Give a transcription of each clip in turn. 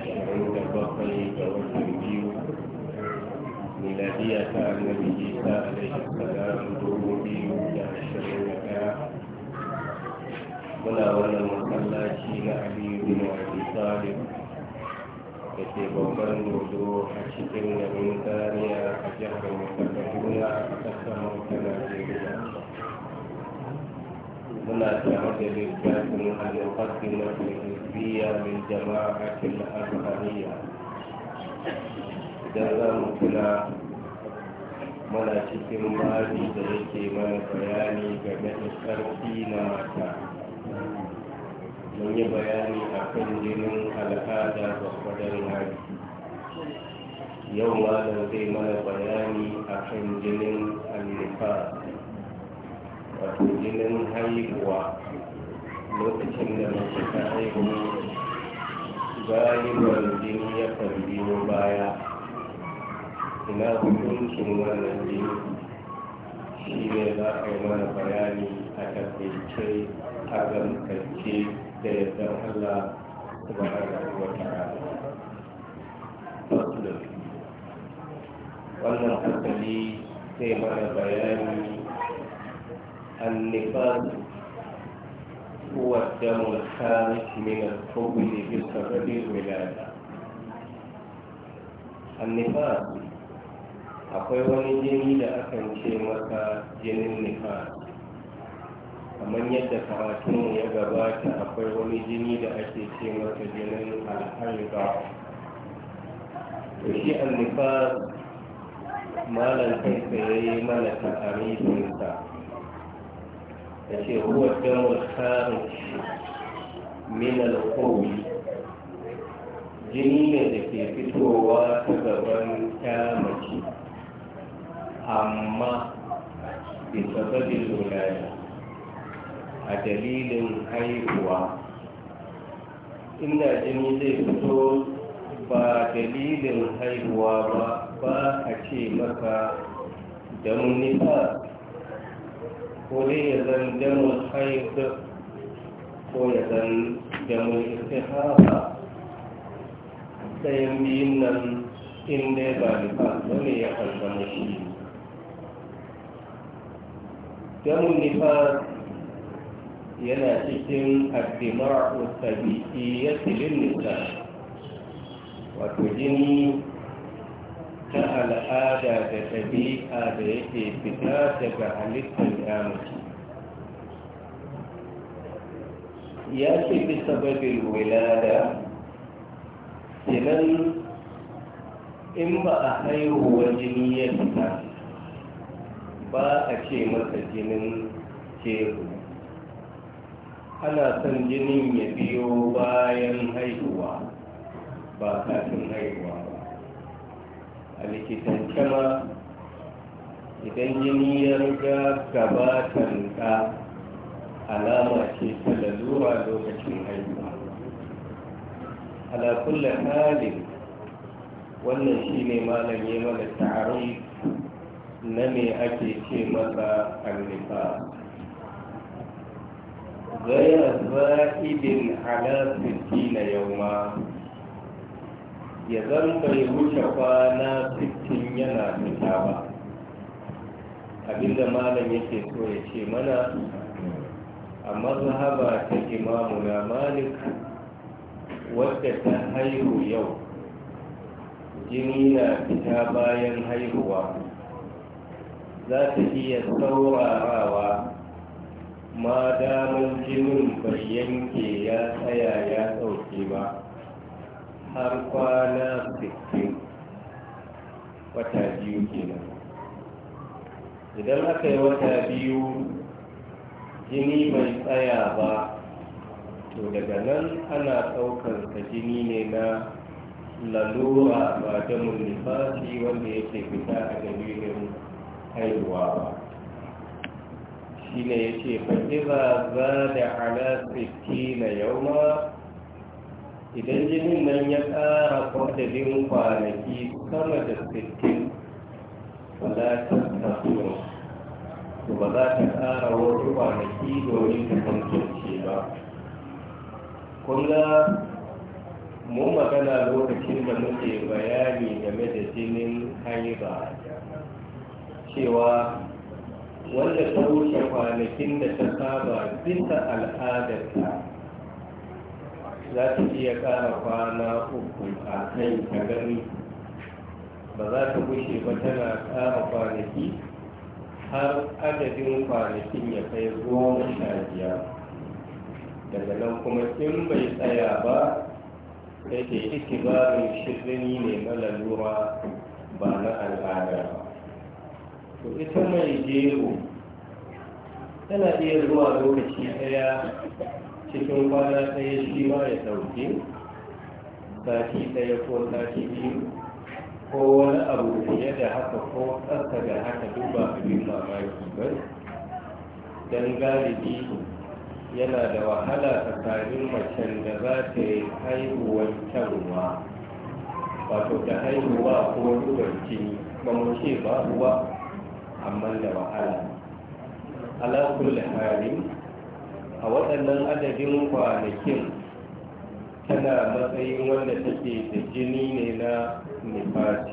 ashirin da bakwai ga watan biyu miladiya ta annabi isa alaihi salam dubu biyu da ashirin da ɗaya muna wannan masallaci na aliyu bin abi talib da ke babban dodo a cikin garin zaniya a jihar mutakaduna a ƙasar ta najeriya muna tare da littafin al-muqaddimah mai الحزبية للجماعة Idan za mu kula mana cikin mali da yake mana bayani game da sarki na mata mun yi bayani a kan jinin al'ada da kwadon hari yau malam zai mana bayani a kan jinin annifa wato jinin haihuwa lokacin da mace ta haihu galibar jini ya kan biyo baya ina hukuncin wannan jini shi ne za a yi mana bayani a takaice a gamsance da yadda Allah subhanahu wa ta'ala wannan asali sai mana bayani an هو الدم الخارج من الحب بسبب الولادة النفاس akwai wani jini da akan ce maka jinin nifas kamar yadda karatunmu ya gabata akwai wani jini da ake ce maka jinin alhalba to shi annifas malam kai tsaye mana ta'arifinsa yace huwa damu kharij min al-qawm jini ne da ke fitowa ta gaban kyamaci amma bi sababin lulaya a dalilin haihuwa inda jini zai fito ba dalilin haihuwa ba ba a ce maka damun nifas ko dai ya zan damar haif ko ya zan damar istihara ɗayan biyun nan in dai ba nifa ya kan zama shi nifa yana cikin addimar ustabiki ya tilin nisa wato jini ta al'ada da ɗabi'a da yake fita daga halittar yamaci ya ce fi sababin wilada sinan in ba a haihuwa jini ya fita ba a ce masa jinin teku ana son jinin ya biyo bayan haihuwa ba kafin haihuwa ba. a likitan ma idan jini ya riga gabatan ka alama ce ta lalura lokacin haihuwa ala kulli halin wannan shine malam ya mana ta'arif na me ake ce masa annifa غير زائد على ستين يوما ya zan bai wuce kwana 60 yana fita ba abinda malam yake so ya ce mana a mazhaba ta imamu na malik wadda ta haihu yau jini na fita bayan haihuwa za ta iya saurarawa ma damar jinin bai yanke ya tsaya ya ɗauke ba har kwana 60 wata biyu kenan idan aka yi wata biyu jini bai tsaya ba to daga nan ana ɗaukar ka jini ne na lalura ba da mulifasi wanda yake fita a dalilin haihuwa ba shi ne ya ce fa'iza za da ala 60 na yau idan jinin nan ya ƙara kwadadin kwanaki sama da 60 wadatar tasiro to ba za ta ƙara wasu kwanaki domin ta tantance ba kun ga mu magana lokacin da muke bayani game da jinin haiba cewa wanda ta wuce kwanakin da ta saba bisa al'adarta za ta iya ƙara kwana uku a kai ta gani ba za ta gushe ba tana ƙara kwanaki har adadin kwanakin ya kai goma sha biyar daga nan kuma in bai tsaya ba ke ta yi mai shirini ne na lalura ba na al'ada ba to ita mai gero tana iya zuwa lokaci ɗaya cikin kwana ɗaya shi ma ya ɗauki sati ɗaya ko ki biyu ko wani abu fiye da haka ko ƙasa da haka duba abin mamaki ba don galibi yana da wahala tsakanin macen da za ta yi haihuwar ba, wato da haihuwa ko rubar jini ba mu ce ba ruwa amma da wahala alakul harin a waɗannan adadin kwanakin tana matsayin wanda take da jini ne na nifati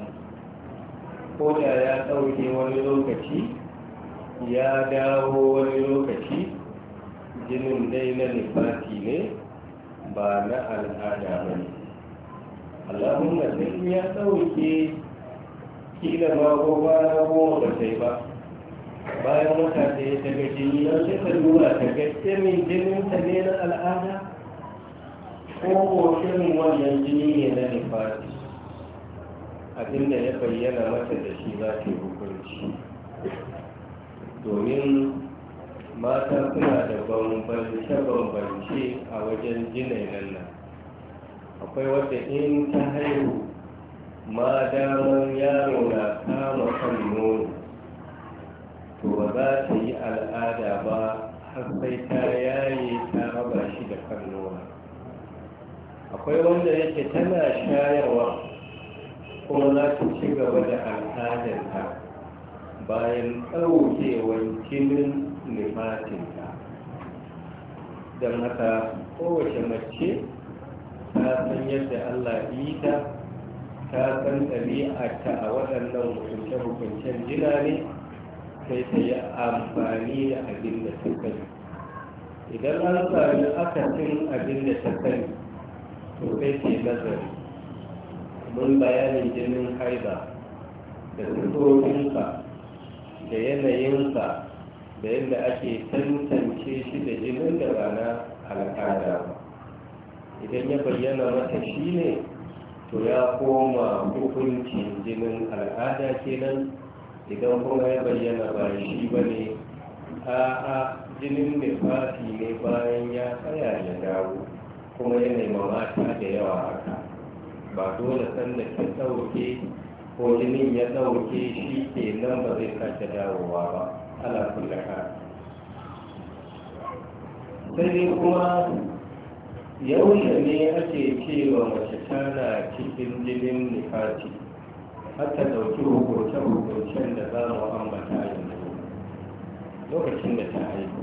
ko da ya ɗauke wani lokaci ya dawo wani lokaci jinin dai na nifati ne ba na al'ada ba ne allahun da ya ɗauke kila ma ko ba na goma ba sai ba bayan wata da ya daga jini don sai ta lura ta gaske min jinin ta ne na al'ada ko ko wannan jini ne na Abin abinda ya bayyana mata da shi za ta hukunci domin mata suna da bambance-bambance a wajen jinai nan akwai wata in ta haihu ma damar yaro na kama kan nono to ba za ta yi al'ada ba har sai ta yaye ta raba shi da kan akwai wanda yake tana shayarwa kuma za ta ci gaba da al'adarta bayan ɗaukewar jinin nifatinta don haka kowace mace ta san yadda allah ita ta ta san ɗabi'arta a waɗannan hukunce-hukuncen jina ne sai ta yi amfani da abin da ta kai idan an sami akasin abin da ta kai to sai ke nazari mun bayanin jinin haida da sifofinsa da yanayinsa da yadda ake tantance shi da jinin da rana al'ada ba idan ya bayyana mata shi ne to ya koma hukuncin jinin al'ada kenan idan kuma ya bayyana ba shi ba ne a'a jinin da fati ne bayan ya tsaya ya dawo kuma ya nema mata da yawa haka ba dole sanda ta ɗauke ko jinin ya ɗauke shi ke nan ba zai sake dawowa ba ala ka sai dai kuma yaushe ne ake cewa mace tana cikin jinin nifati har ta ɗauki hukurce-hukurcen da za mu ambata yanzu lokacin da ta haihu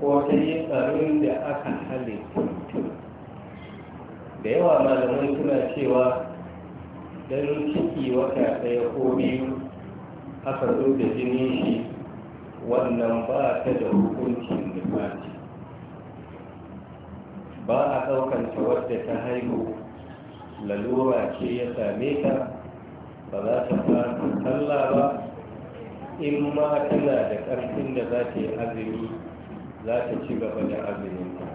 ko ta yi tsarin da aka hali tuntun da yawa malamai suna cewa don ciki wata ɗaya ko biyu aka zo da jini shi wannan ba ta da hukuncin da ba a ɗaukanta wadda ta haihu lalura ce ya same ta ba za ta fara talla ba in ma tana da ƙarfin da za ta yi azumi za ta ci gaba da azumin ta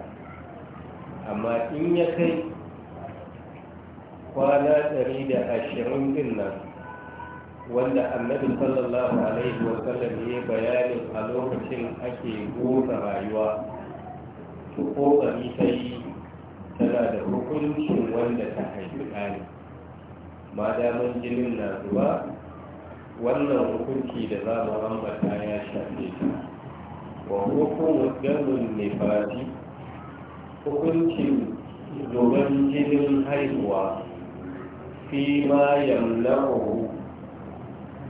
amma in ya kai kwana ɗari da ashirin din nan wanda annabi sallallahu alaihi wa sallam ya bayani a lokacin ake gora rayuwa to ƙoƙari ta yi tana da hukuncin wanda ta haifi ɗani ma damun jinin na zuwa wannan hukunci da za mu ambata ya shafe ta wa hukumu ne nifasi hukuncin zuban jinin haihuwa fi ma yamna'u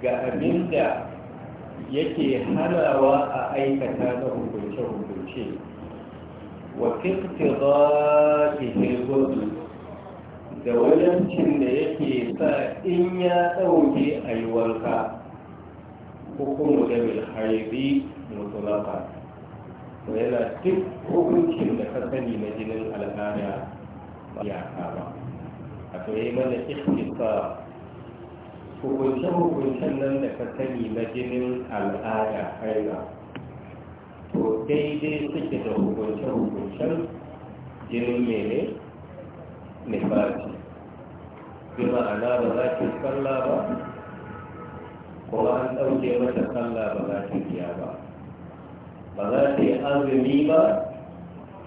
ga abin da yake hanawa a aikata na hukunce-hukunce wa fi fi ke ki da wajancin da yake sa in ya ɗauke a yi wanka hukumu da bil haibi mutulaka to yana duk hukuncin da ka sani na jinin al'ada ya kama a to yi mana ikhtisa hukunce-hukuncen nan da ka sani na jinin al'ada haila to daidai suke da hukunce-hukuncen jinin mene nifasi bi ma'ana ba za ki salla ba kuma an ɗauke mata salla ba za ki biya ba ba za ta yi azumi ba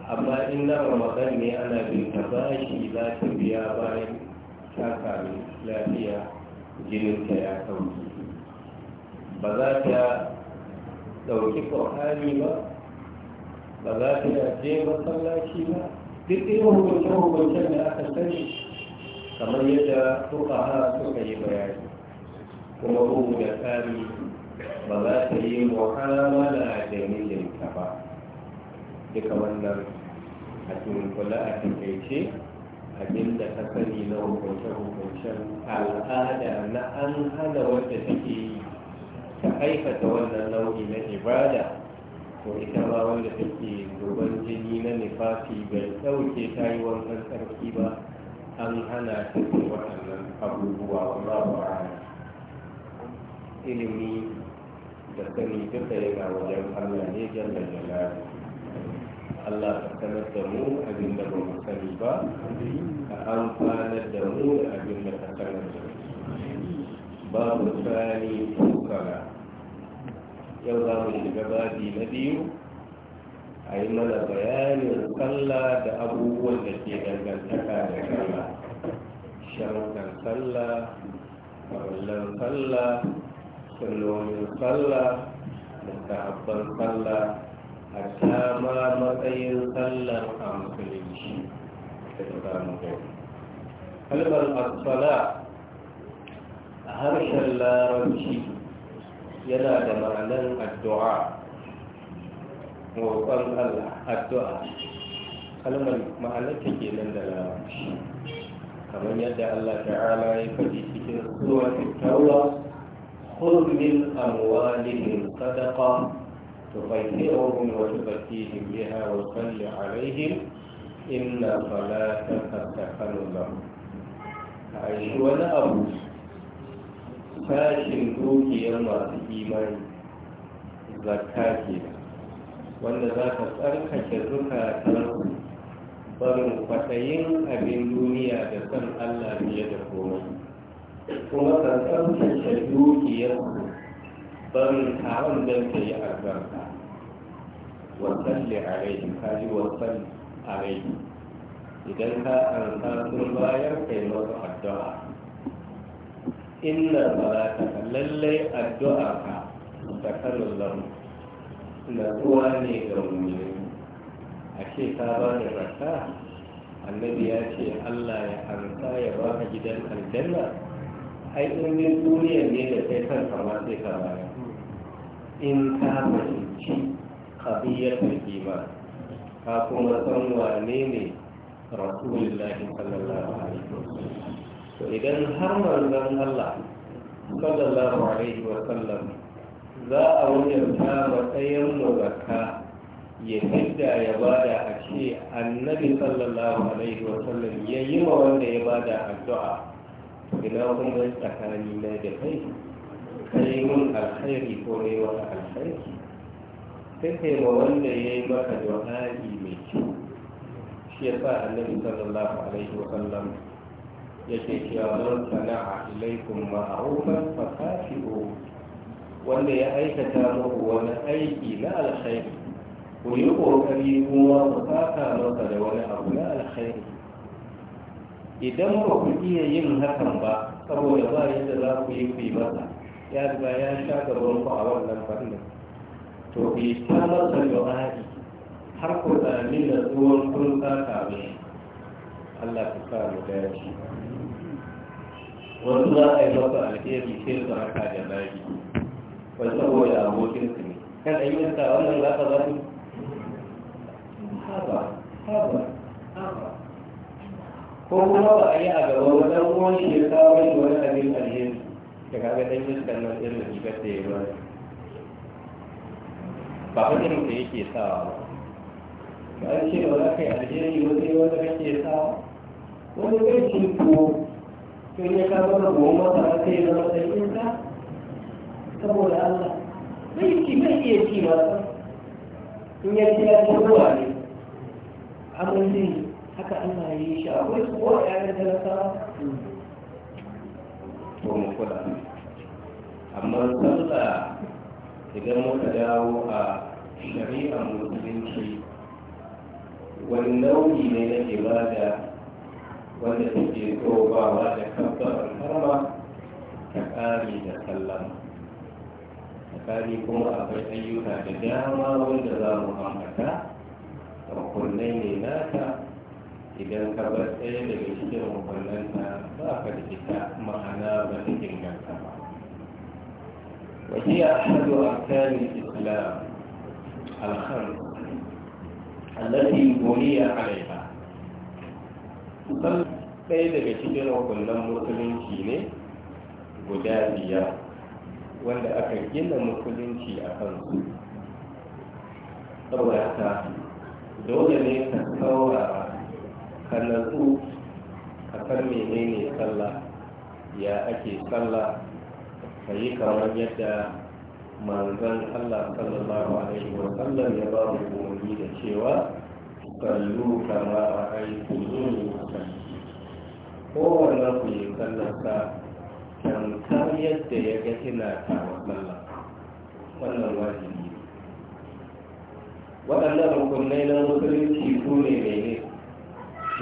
amma in na ramadan ne ana bin ta bashi za ta biya bayan ta sami lafiya jininta ya sauki ba za ta ɗauki ƙwaƙari ba ba za ta je masallaci ba duk irin hukunce-hukuncen da aka sani kamar yadda hana suka yi bayani kuma bugu da tsari ba za ta yi muhammala da ita ba duka wannan a kula a takaice da ta sani na hukunce-hukuncen al'ada na an hana wanda take yi ta aikata wannan nau'i na ibada ko ita ma wanda take zuban jini na nifafi bai ɗauke ta yi wankan tsarki ba an hana ta waɗannan abubuwa ba ba ilimi da sani duka yana wajen allah ne jalla jalali allah ka sanar da mu abin da ba mu sani ba ka amfanar da mu da abin da ka sanar da mu mu sani tukara yau za mu shiga babi na biyu a yi mana bayanin kalla da abubuwan da ke da sallah farallan sallah sallolin sallah da sahabban salla, a ma matsayin sallar a musulunci da ta samu kai kalmar asfala a harshen larabci yana da ma'anar addu'a roƙon allah addu'a kalmar ma'anar ta nan da larabci kamar yadda Allah ta'ala ya faɗi cikin suwafi taura hulmin amwalihin sadaka to bai ne wasu bakki jimliya wa salli alaihim inna falata tattakanu lam a yi wani abu sashin dukiyar masu imani zakka ke wanda za ka tsarkake zuka tsarkake barin kwatayin abin duniya da san Allah fiye da komai kuma kankan ta dukiyar barin haram don ta yi albarka wasalli a rai kaji wasalli a rai idan ka an sun bayar kai masu addu'a inna salata lallai addu'a ka kallon lamu na tuwa ne ga mummuni a ce ka ba da zakka annabi ya ce allah ya harka ya ba ka gidan aljanna ai in yin ne da kai kanka ma sai ka baya in ka fahimci kabiyar da ba ka kuma san wane ne rasulullahi sallallahu alaihi wasallam to idan har manzon allah sallallahu alaihi wasallam za a wuyanta matsayin mu zakka ya yadda ya bada a ce annabi sallallahu alaihi wa sallam ya yi ma wanda ya bada addu'a ina kuma tsakani na da kai kai mun alkhairi ko ne wa alkhairi sai kai ma wanda ya yi maka du'a'i mai kyau shi ya sa annabi sallallahu alaihi wa sallam ya wasallam ya cewa sana a ilaikum ma'rufan fa kafi'u wanda ya aikata muku wani aiki na alkhairi ku yi ƙoƙari kuma ku saka masa da wani abu na alkhairi idan ba ku iya yin hakan ba saboda ba da za ku yi ku yi masa ya riga ya sha gaban ku a wannan fannin to ku yi ta masa du'a'i har ku sami da tsohon kun saka mai Allah ku sa mu dace wasu za a yi masa alheri sai su haka da lagi wasu saboda abokin su ne kan ayyuka wannan za ka zaɓi ko kuma ba a yi a gaba wajen ruwan shi ya kawo shi wani abin alheri da kaga dan yi kalmar irin rigar da ya bari ba fa irin da yake sawa ba ba a ce ba za ka yi alheri wani wanda kake sawa wani bai cin tuwo to ya kawo da goma ta sai ya zama ɗan saboda Allah bai ci bai iya ci ba in ya ci ya ci ruwa ne amurin haka Allah ya yi shi akwai su ko a yayin talakawa ko mu kula amma sallah idan muka dawo a shari'ar musulunci wani nau'i ne na ibada wanda take tsobawa da kabbar harma ta kare da sallama tsakani kuma akwai ayyuka da dama wanda za mu ambata rukunai ne nata idan ka bar ɗaya daga cikin rukunan na ba ka da ita ma'ana ba ta inganta ba a أحد أركان الإسلام الخمس التي بني عليها ɗaya daga cikin rukunan musulunci ne guda biyar wanda aka gina musulunci a kansu saboda ta dole ne ka saurara ka natsu ka san menene sallah ya ake sallah ka yi kamar yadda manzan Allah sallallahu alaihi wa sallam ya ba mu umarni da cewa kallu kama a aikin yin kowanne ku yi sallarsa tamkar yadda ya ga kina tawa sallah wannan wajibi waɗannan rukunai na musulunci su ne mene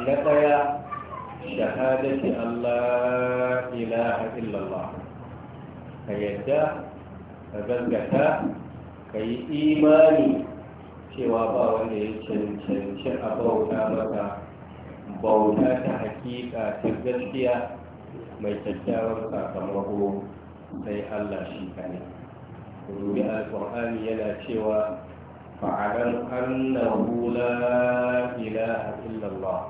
na ɗaya shahadati Allah ilaha illallah ka yadda ka gaggata ka yi imani cewa ba wanda ya cancanci a bauta maka bauta ta hakika ta gaskiya mai kyakkyawar sakamako sai Allah shi ne. Rubi al yana cewa فاعلم أنه لا إله إلا الله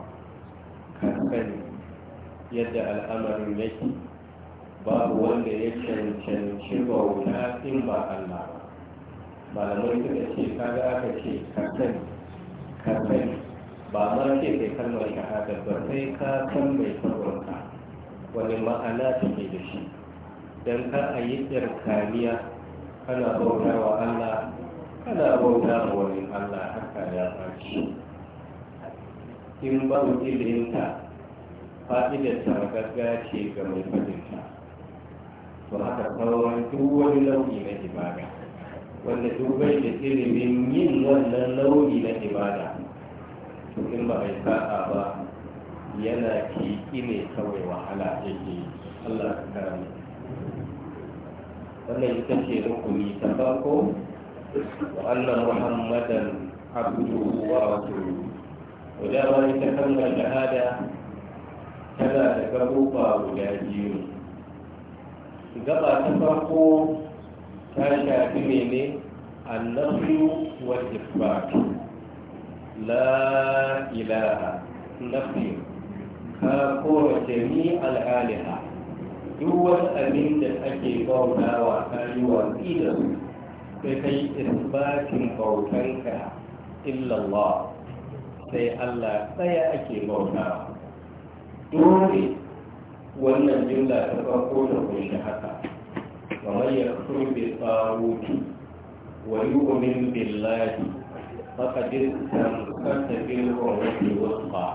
كالسن يدع الأمر يجي باب wanda ya cancanci bauta in ba Allah ba malamai suka ce kaga aka ce kasani kasani ba ma ce kai kalmar shahada ba sai ka san mai sabonka wani ma'ana ke da shi don ka a yi tsirkaniya kana bauta wa Allah kana bauta wani Allah haka ya faci in ba mu ilinta fa'idar ta gaga ce ga mai fadinta to haka sauran duk wani nau'i na ibada wanda dubai da ilimin yin wannan nau'i na ibada to in ba mai sa'a ba yana kiki ne kawai wahala yake Allah ka kare wannan ita ce rukuni ta farko وأن محمدا عبده ورسوله وإذا ما يتكلم الشهادة كما تكبوك ولاجين إذا تفرقوا كان كاتبين النصر والإثبات لا إله نفي كاكور جميع الآلهة دول أمين تتأكي قولها وأكاري الأخوة sai kai isbatin bautanka illallah sai Allah tsaya ake bauta dole wannan jumla ta farko da kunshi haka wa man yakfur bi tsaruti wa yu'min billahi faqad istamsaka bil urwati wusqa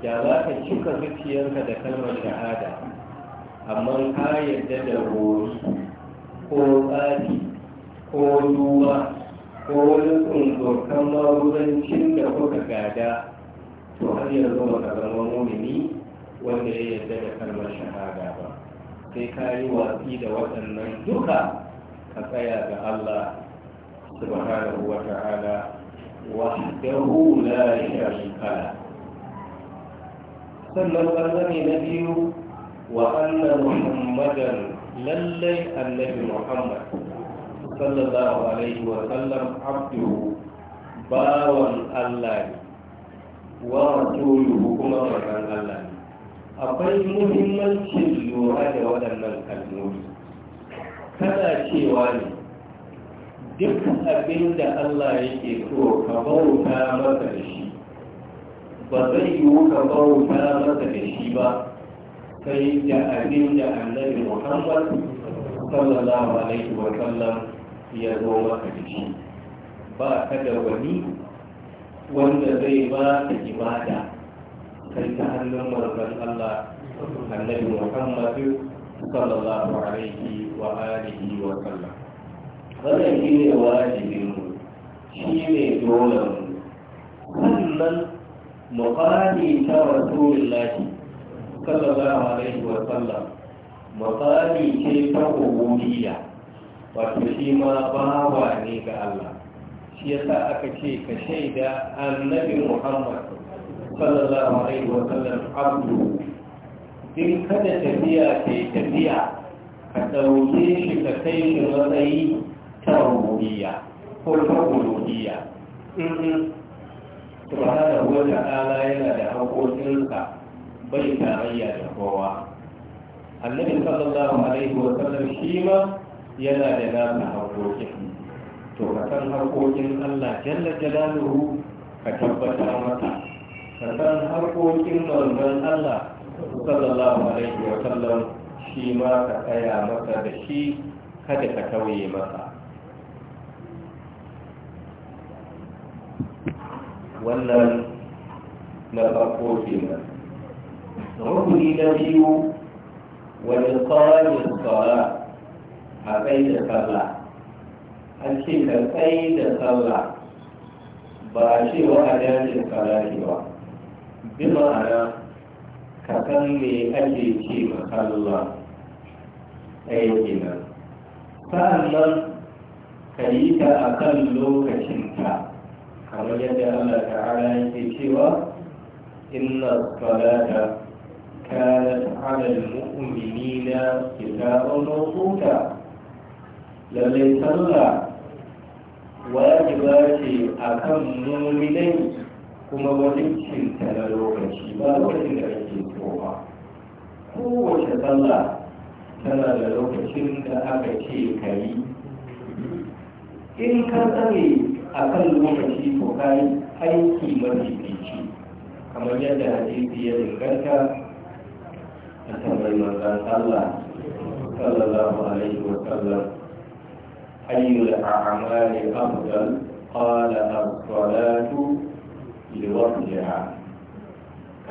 da za ka cika zuciyarka da kalmar shahada amma ka yarda da ko tsafi ko duba ko wani tsundokan magudancin da kuka gada to har yanzu ba ka zama mumini wanda ya yarda da kalmar shahada ba sai ka yi watsi da waɗannan duka ka tsaya ga Allah subhanahu wa ta'ala wahdahu la sharika sannan ɓangare na biyu wa anna muhammadan lallai annabi muhammad sallallahu alaihi wa sallam abdu bawan Allah ne wa rasuluhu kuma manzon Allah ne akwai muhimmancin lura da waɗannan kalmomi kana cewa ne duk abin da Allah yake so ka bauta masa da shi ba zai yiwu ka bauta masa da shi ba sai da abin da annabi Muhammad sallallahu alaihi wa sallam ya zo maka da shi ba ka da wani wanda zai ba ka ibada kai ta hannun manzon Allah annabi Muhammadu sallallahu alaihi wa alihi wa sallam wannan shi ne wajibin mu shi ne dole mu sannan muqami ta rasulullahi sallallahu alaihi wa sallam muqami ce ta ubudiyya wato shi ma bawa ne ga Allah shi yasa aka ce ka shaida annabi Muhammad sallallahu alaihi wa sallam abdu din kada tafiya ke tafiya ka ɗauke shi ka kai shi matsayi ta rububiyya ko ta rububiyya mm-hmm. subhanahu wa ta'ala yana da haƙoƙinsa bai tarayya da kowa annabi sallallahu alaihi wa sallam shi ma yana da nasa harkokin to ka san harkokin Allah jalla jalaluhu ka tabbatar mata ka san harkokin manzon Allah sallallahu alaihi wa sallam shi ma ka tsaya masa da shi kada ka tauye masa wannan na farko kenan rukuni na biyu wani tsarin tsara a kai da sallah an ce ka kai da sallah ba a ce wa a dajin salati ba bi ma'ana ka san me ake ce ma sallah ɗaya sa'an nan. ka yi ta a kan lokacinta kamar yadda Allah ta'ala yake cewa inna salata kanat ala al-mu'minina kitaban mawquta lallai sallah wajiba ce a kan muminai kuma wajibcin ta na lokaci ba lokacin da ake so kowace sallah tana da lokacin da aka ce ka yi in ka tsare a kan lokaci ko ka yi aiki mafi fici kamar yadda hadisi ya inganta a tambayi manzan Allah sallallahu alaihi wa sallam أي الأعمال أفضل؟ قال الصلاة لوقتها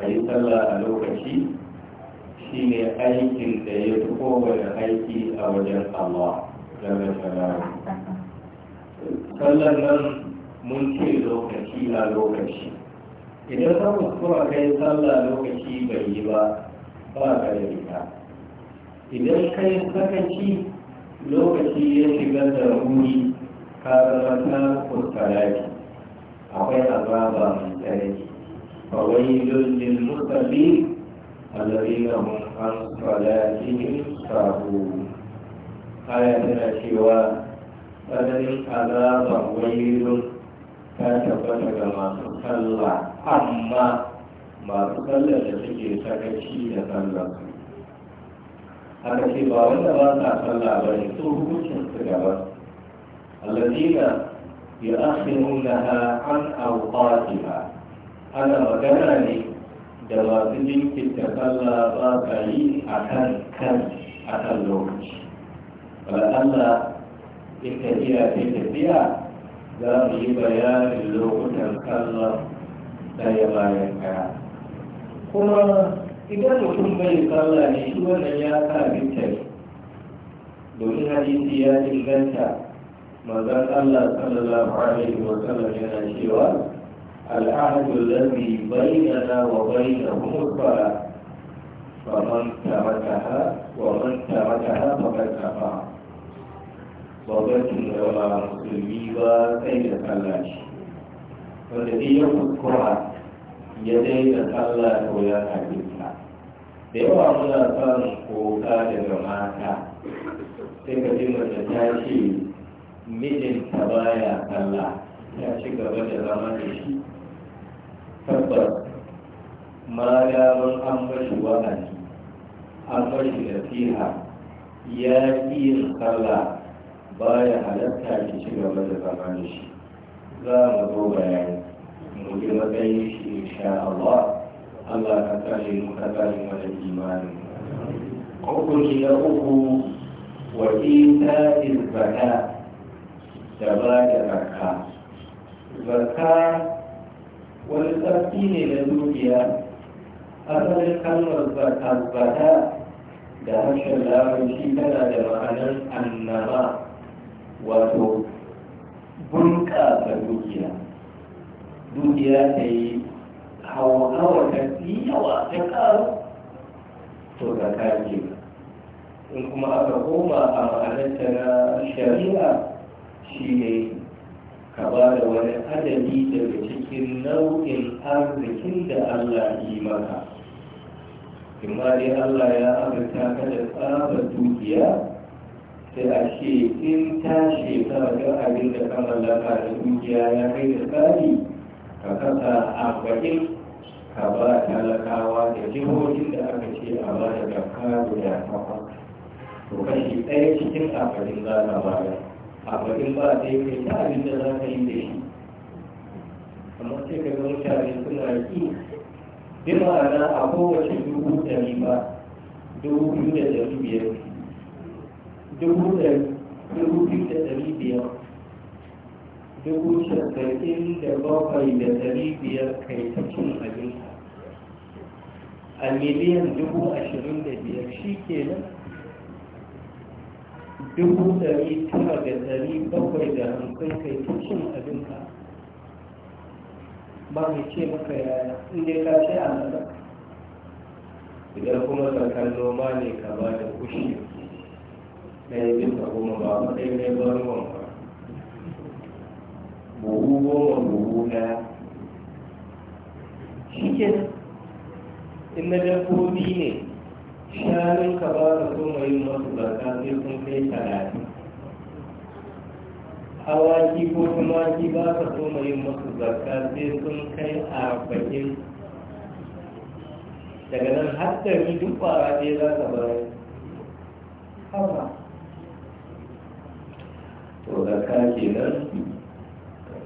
أي صلى لوكشي شين أي كنت يتقوى أيكي أوجد الله جل جلاله صلى من منشي لوكشي لا لوكشي إذا تبصر كي صلى لوكشي بيبا فاكريكا إذا كي شيء lokaci ya shiga da ruri ka zama ta kuskaraki akwai azaba mai wani lullin mutane a musallin na mun an salatihim sabu aya tana cewa tsananin azaban lullin ta tabbata ga masu kalla amma masu kalla da suke sakaci da sallar aka ce ba wanda ba sa sallah ba ne su hukuncin su gaba allazina yu'akhirunaha an awqatiha ana magana ne da masu da sallah ba ka yi a kan kan a kan lokaci Allah in tafiya ta tafiya za mu yi bayanin lokutan da ɗaya bayan ɗaya kuma idan mutum bai sallah ne shi wannan ya sa bitar domin hadisi ya inganta manzon Allah sallallahu alaihi wa sallam yana cewa العهد الذي بيننا Wa الصلاة فمن تركها ومن تركها ba كفر gwamnatin da ba musulmi ba sai da tsallaci. wanda zai ya kuskura ya daina sallah to ya haɗe da yawa muna son kuka daga mata sai ka ji mace ta ce mijinta baya sallah ya ci gaba da zama da shi tabbas mun an bashi wa'azi an da nasiha ya ƙi yin ba ya halatta ki ci gaba da zama da shi za mu zo bayani mu ji matsayin shi insha Allah Allah ka kare mu ka kare mu da imani hukunci na uku wa ita zakka da ba da zakka zakka wani tsarki ne na dukiya asalin kalmar zakka zakka da harshen larabci tana da ma'anar annaba wato bunƙasa dukiya dukiya ta yi haunawa ta fi yawa ta karu to da kaji in kuma aka koma a ma'anarta na shari'a shi ne ka ba da wani adadi daga cikin nau'in arzikin da allah yi maka imma dai allah ya azurta ka da tsabar dukiya sai a ce in ta shekara ga abin da ka mallaka da dukiya ya kai da tsari ka kasa arba'in ka ba talakawa da jihohin da aka ce a ba da zakka guda takwas to kashi ɗaya cikin afarin za ka da, afarin ba sai kai ta abin da za ka yi da shi amma sai ka ga mutane suna yi bi ma'ana a kowace dubu ɗari ba dubu biyu da dari biyar dubu biyu da ɗari biyar dubu casa'in da bakwai da dari biyar kai ta cin abinci a miliyan dubu ashirin da biyar shi ke nan dubu dari tara da dari bakwai da hankali kai ta cin abinka ba mai ce maka yaya inda ka ce a nan idan kuma tsakar noma ne ka ba da kushi na yi bisa goma ba matsayin ne ba ruwan ba buhu goma buhu na shi ke in na dabbobi ne shanun ka ba ka so mai yin masu zaka sai sun kai talatin awaki ko tumaki ba ka so mai yin masu zaka sai sun kai arba'in daga nan har haddari duk kwara ɗaya za ka bayar haka to zaka nan.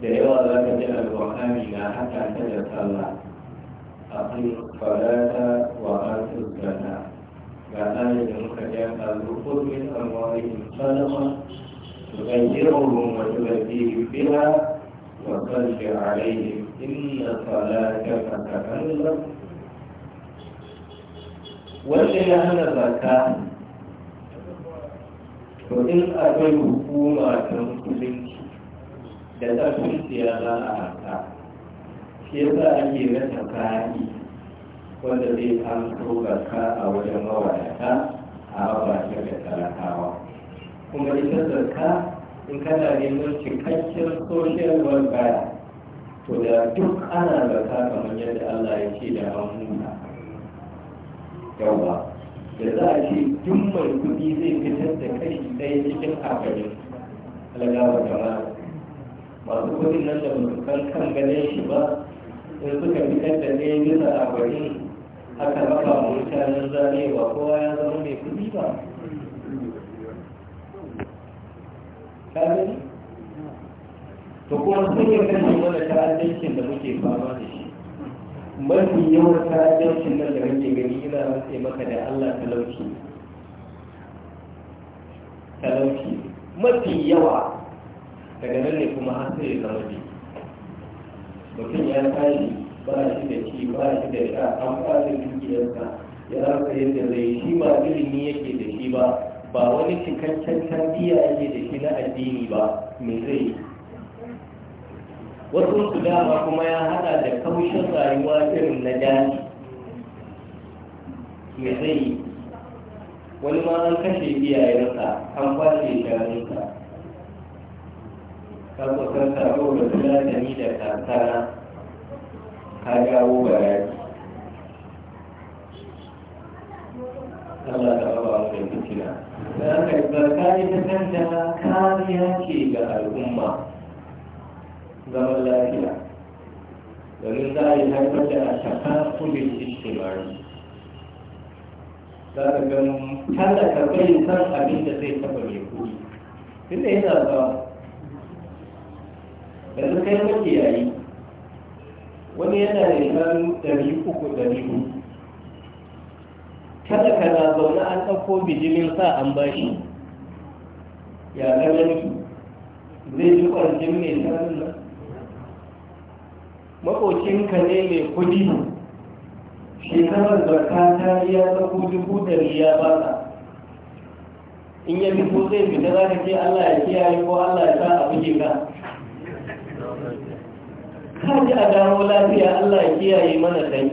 da yawa za ka ji alƙur'ani na haka ta da sallah akwai falata wa asu gata ga tsarin da muka ji a ƙarfi min alwarin sadama su kan jirgin wasu gaji biya wa kalli alaihim inna salata ka takallar wanda ya hana zaka to in akwai hukuma ta musulunci da ƙarfin siya za a haka shi a ake rasa wanda zai an ka a wajen mawadata a raba da talakawa kuma ita zarka in kana neman cikakken social worker to da duk ana zarka kamar yadda Allah ya ce da an nuna yawa da za a ce duk mai kuɗi zai fitar da kashi ɗaya cikin abin alagawa jama'a masu kudin nan da mutukan kan ganin shi ba sai suka fitar da ne bisa abarin aka raba mutanen zane ba kowa ya zama mai kudi ba to kuma sun yi kashe mana ta'addancin da muke fama da shi mafi yawan ta'addancin nan da muke gani ina matse maka da Allah talauci talauci mafi yawa daga nan ne kuma an sai ya zama bi mutum ya tashi ba shi da ci ba shi da sha an da dukiyarsa ya rasa yadda zai shi ba ilimi yake da shi ba ba wani cikakken tarbiyya yake da shi na addini ba me zai yi wasu su dama kuma ya hada da kaushin rayuwa irin na daji me zai yi wani ma an kashe iyayensa an kwashe shanunsa ka so ka sabo da tulatani da kankana ka jawo bayani Allah ta wa da fitina da aka yi barkani ta kanta kariya ce ga al'umma zaman lafiya domin za a yi haifar da a shaka kudin ishtimari za ka ga talaka bai san abin da zai taba mai kudi tunda yana ba yanzu kai mace yi. wani yana da neman ɗari uku ɗari uku kada ka na zaune an ɗauko bijimin sa an ba shi. ya ganin zai ji ƙwarjin mai tsarin nan ka ne mai kudi shekarar zarka ta ya ɗauko dubu dari ya ba ka in ya fito zai fita za ka ce allah ya kiyaye ko allah ya sa a buge ka kaji a dawo lafiya Allah ya kiyaye mana kai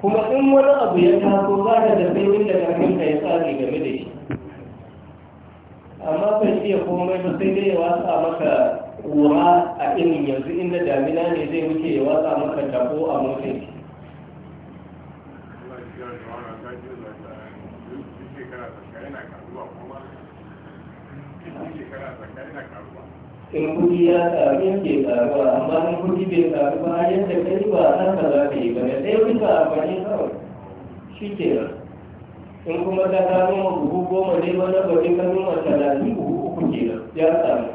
kuma in wani abu ya taso za ka da sai inda karfin ka ya tsari game da shi amma bai iya komai ba sai dai ya watsa maka kura a irin yanzu inda damina ne zai wuce ya watsa maka tako a motar shekara tsakanin na karuwa in ya karu yake karuwa amma in bai karu ba yadda kai ba ka za da ɗaya amfani kawai shi ke nan in kuma ka samu ma buhu goma ne ka noma talatin buhu ya samu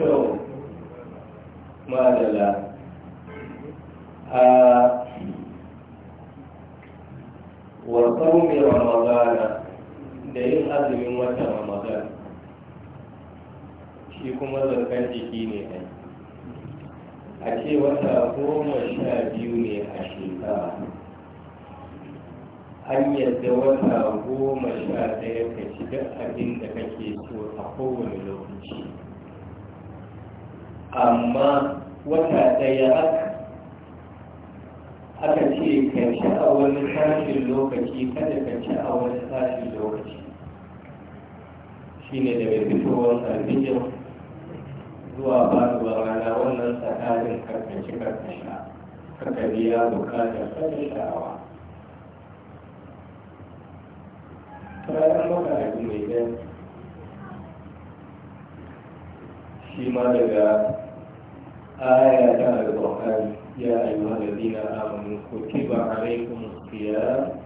to madala a wasaumi ramadana da yin azumin wata ramadan shi kuma zarkar jiki ne a ce wata goma sha biyu ne a shekara an yadda wata goma sha ɗaya ka ci duk abin da kake so a kowane lokaci amma wata daya aka ce ka ci a wani sashin lokaci kada ka ci a wani sashin lokaci shine da mai fitowar sarfijin zuwa faruwar rana wannan tsakanin karkashi karkasha ya bukatar kada sha'awa bayan maka abu mai gani shi ma daga aya ta alƙur'ani ya ayyuha allazina amanu kutiba alaykum as-siyam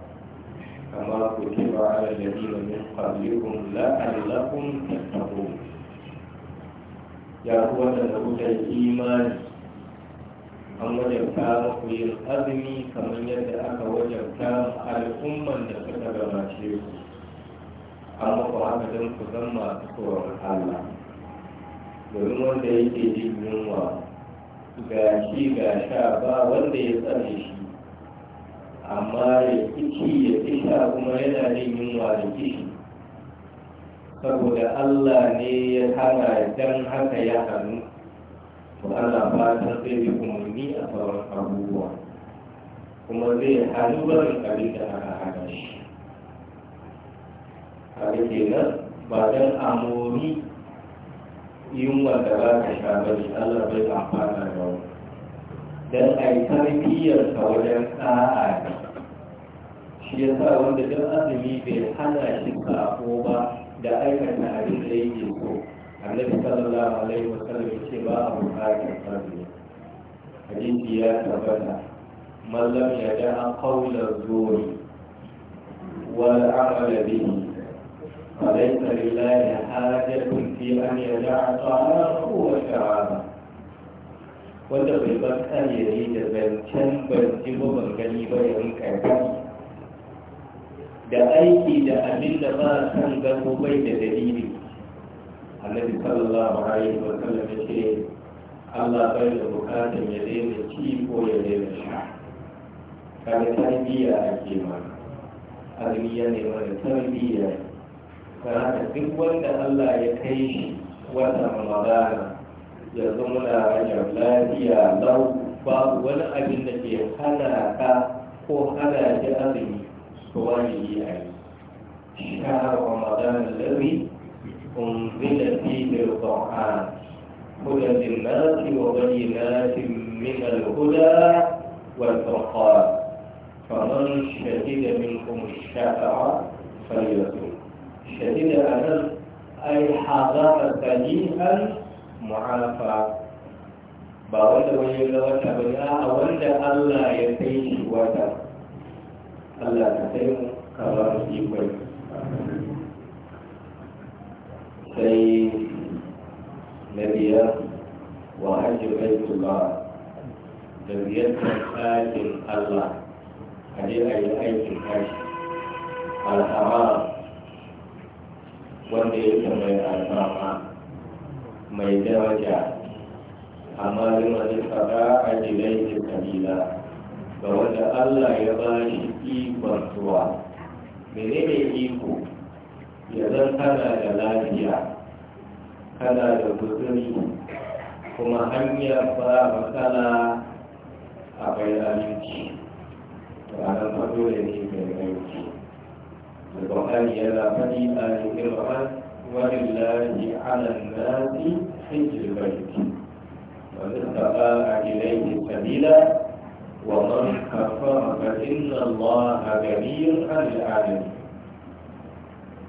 kama kutiba ala allazina min qablikum la'allakum tattaqun ya kuwa da kuka imani an wajabta muku yin azumi kamar yadda aka wajabta al'umman da suka gabace ku an muku haka don ku zama tsoron Allah domin wanda yake jin yunwa ga shi ga sha ba wanda ya tsare shi amma ya kici ya fi sha kuma yana jin yunwa da kishi saboda Allah ne ya hana dan haka ya hannu to ana fata zai bi umarni a sauran abubuwa kuma zai hannu barin abin da aka hana shi haka kenan ba don amori yunwar da za ka sha bari Allah bai amfana da wani don a yi tarbiyyar wajen sa'a ne shi ya sa wanda don azumi bai hana shi sako ba da aikata abin da yake so annabi sallallahu alaihi wa sallam ya ce ba a buƙatar azumi hadisi ya tabbata mallam ya da an qawla zuri wal amala bihi فليس لله حاجة في أن يدع طعامه وشرابه wanda bai bar kan ya yi da zancen barci ba ban gani ba ya rinka da aiki da abin da ba kan gano bai da dalili annabi sallallahu alaihi wa sallam ya ce Allah bai da bukatar ya daina ci ko ya daina sha kada tarbiyya ake mana azumi ya nema da tarbiyya فهذا duk wanda Allah ya kai shi wata ramadana ya zama da hanyar lafiya lau babu wani abin da ke hana ka ko hana shi azumi to wani yi a yi shahar ramadana lari unzila fihi alquran hudan linnasi wa bayyinatin min alhuda wal furqan faman shahida minkum ash-shahra falyasum shahida a nan ai hazara sahihan mu'afa ba wanda wani ga wata ba ne a wanda Allah ya kai shi wata Allah ka sai mu ka ba sai na wa da ziyartar ɗakin Allah a je a kashi wanda yake mai alfarma mai daraja amma wani fada a da kabila ga wanda allah ya ba shi ikon zuwa menene iko ya zan kana da lafiya kana da guzuri kuma hanyar ba matsala a ba ranar fado da ne mai aiki. القرآن يا بني آل إبراهيم ولله على الناس حج البيت ومن واتقى إليه سبيلا ومن كفر فإن الله كبير عن العالم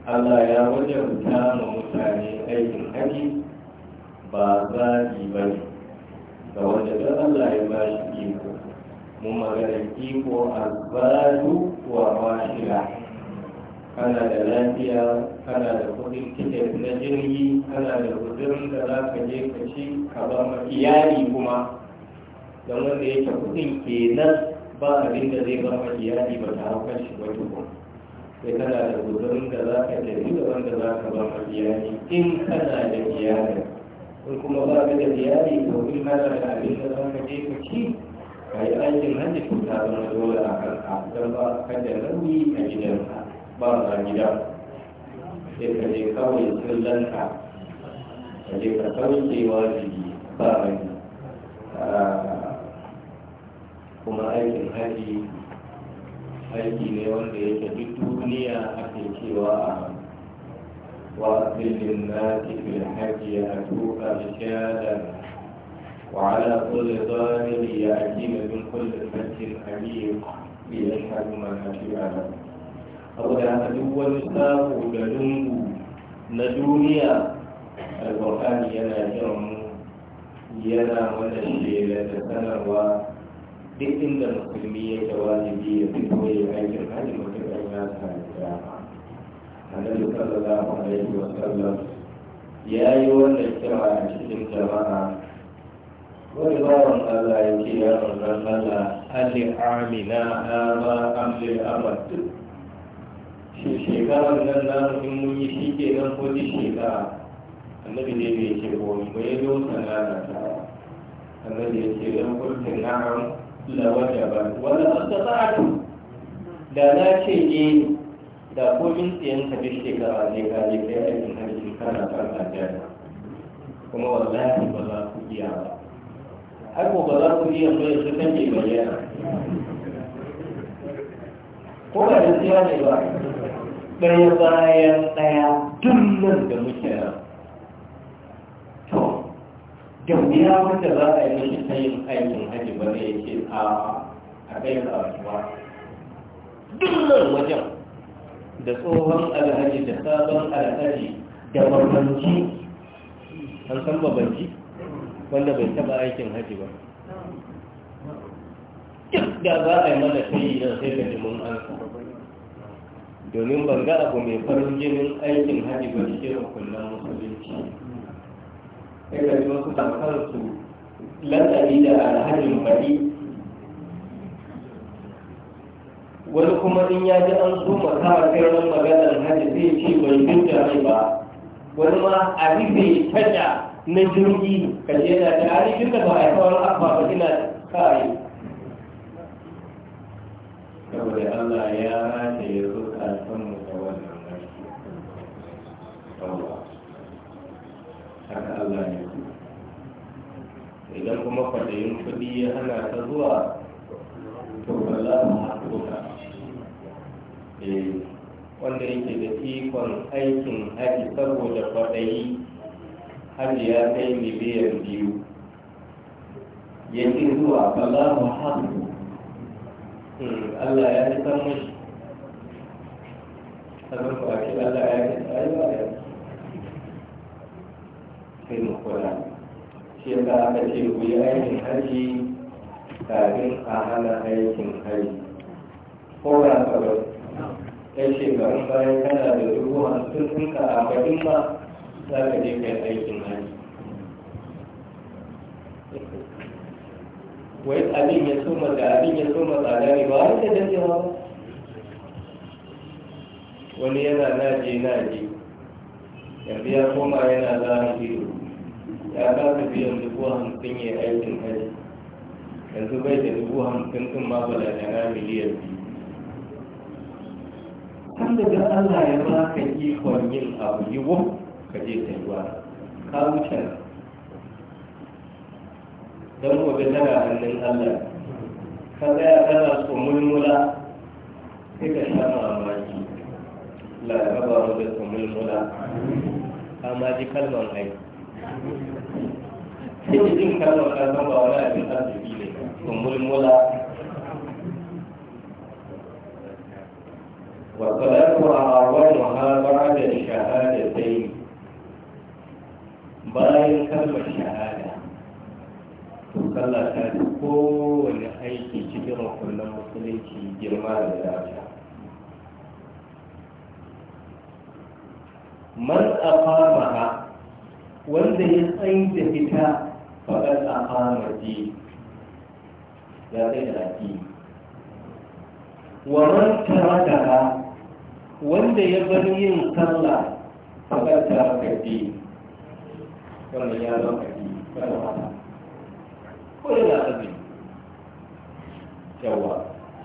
ألا يا وجه كان مساني أي الحديث بابا إبراهيم da wanda ga Allah ya ba shi iko mun magana iko kana da lafiya kana da kudin tiket na jirgi kana da gudurin da za ka je ka ci ka ba ma iyali kuma don wanda yake ke kenan ba abin da zai ba ma iyali ba ta haukar shi ba tukun sai kana da gudurin da za ka je da wanda za ka ba ma iyali in kana da iyali ko kuma ba ka da iyali to in kana da abin da za ka je ka ci ka yi aikin hajji ta zama dole a kanka don ba ka da rauni a gidanka ba a gida sai ka je kawai tsallanka ka je ka kawai wajibi ba rani kuma aikin haji aiki ne wanda yake duk duniya ake cewa a وأذل الناس في الحج يأتوك رجالا وعلى كل ضامر يأتين من كل فج عميق ليشهدوا منافع لهم saboda haka duk wani samu da dungu na duniya alƙur'ani yana kiran mu yana mana shela da sanarwa duk inda musulmi ya jawabi ya fito ya aikin hajji mutum ya sami da annabi sallallahu alaihi wa sallam ya yi wanda kira a cikin jama'a wani bawan Allah ya ce ya ranar Allah ali amina na ba amli amadu shi shekarar nan na in mun shi ke nan ko ji shekara annabi ne bai ce komai ba ya zo sanana ta annabi ya ce dan kulkin na'am la wajaba wala astata'tu da na ce ne da ko min tsayen ka duk shekara ne ka je kai aikin harshen kana kan aljanna kuma wallahi ba za ku iya ba Har ko ba za ku iya ba yanzu kan ke bayyana ko ba da tsaya ne ba ɗaya bayan ɗaya dunnan da muke nan to da wuya wanda za a yi mashi yin aikin Hajji ba ya ce a a kai ka ba dunnan wajen da tsohon alhaji da sabon alhaji da babanci an san babanci wanda bai taba aikin Hajji ba duk da za a yi mana sayi nan sai ka ji mun an domin ban ga abu mai farin jinin aikin haji ba cikin rukunan musulunci sai ka wasu tamkar su da alhajin bari wani kuma in ya ji an so makawa kiran maganar hajji zai ce bai da mai ba wani ma a rufe tasha na jirgi ka je da ta hari duka ba a yi kawar abba ba ina kare saboda Allah ya ya zo rataye mu da wannan tawa haka Allah ne idan kuma kwadayin kuɗi ya hana ta zuwa to ba za mu haɗu ka eh, wanda yake da ikon aikin haji saboda kwaɗayi haji ya kai miliyan biyu ya zuwa ba za mu haɗu Hmm, Allah ya ji san mashi sannan ake Allah ya ji tsayi ba ya sai mu kula shi yasa aka ce ku yi aikin haji kafin a hana aikin haji ko ba ka ba ya ce ga in bayan kana da dubu hamsin ɗinka a bakin ba za ka je kai aikin wai abin ya soma ga abin ya soma tsada ne ba wani da dadewa ba wani yana naje naje yanzu ya koma yana zama ido ya kasa biyan dubu hamsin ya aikin hajji yanzu bai da dubu hamsin sun ma balagana miliyan biyu kan daga allah ya ba ka ikon yin abu yiwu ka je ka yi ka wuce don gobe tana hannun allah ka tsaya kana so mulmula sai ka sha mamaki laraba mu da so mulmula amma ji kalmar ai sai ji jin kalmar kalmar ba wani abin arziki ne so mulmula وصلاتها أعظمها بعد الشهادتين باين كلمة شهادة sallah ta ko kowane aiki cikin rukunan musulunci girma da daraja. man ha, wanda ya tsayi da fita a fama ji ya zai da haƙi. wa man ha, wanda ya bar yin sallah faqad taraka ji wannan ya zama addini ko yana azumi yawa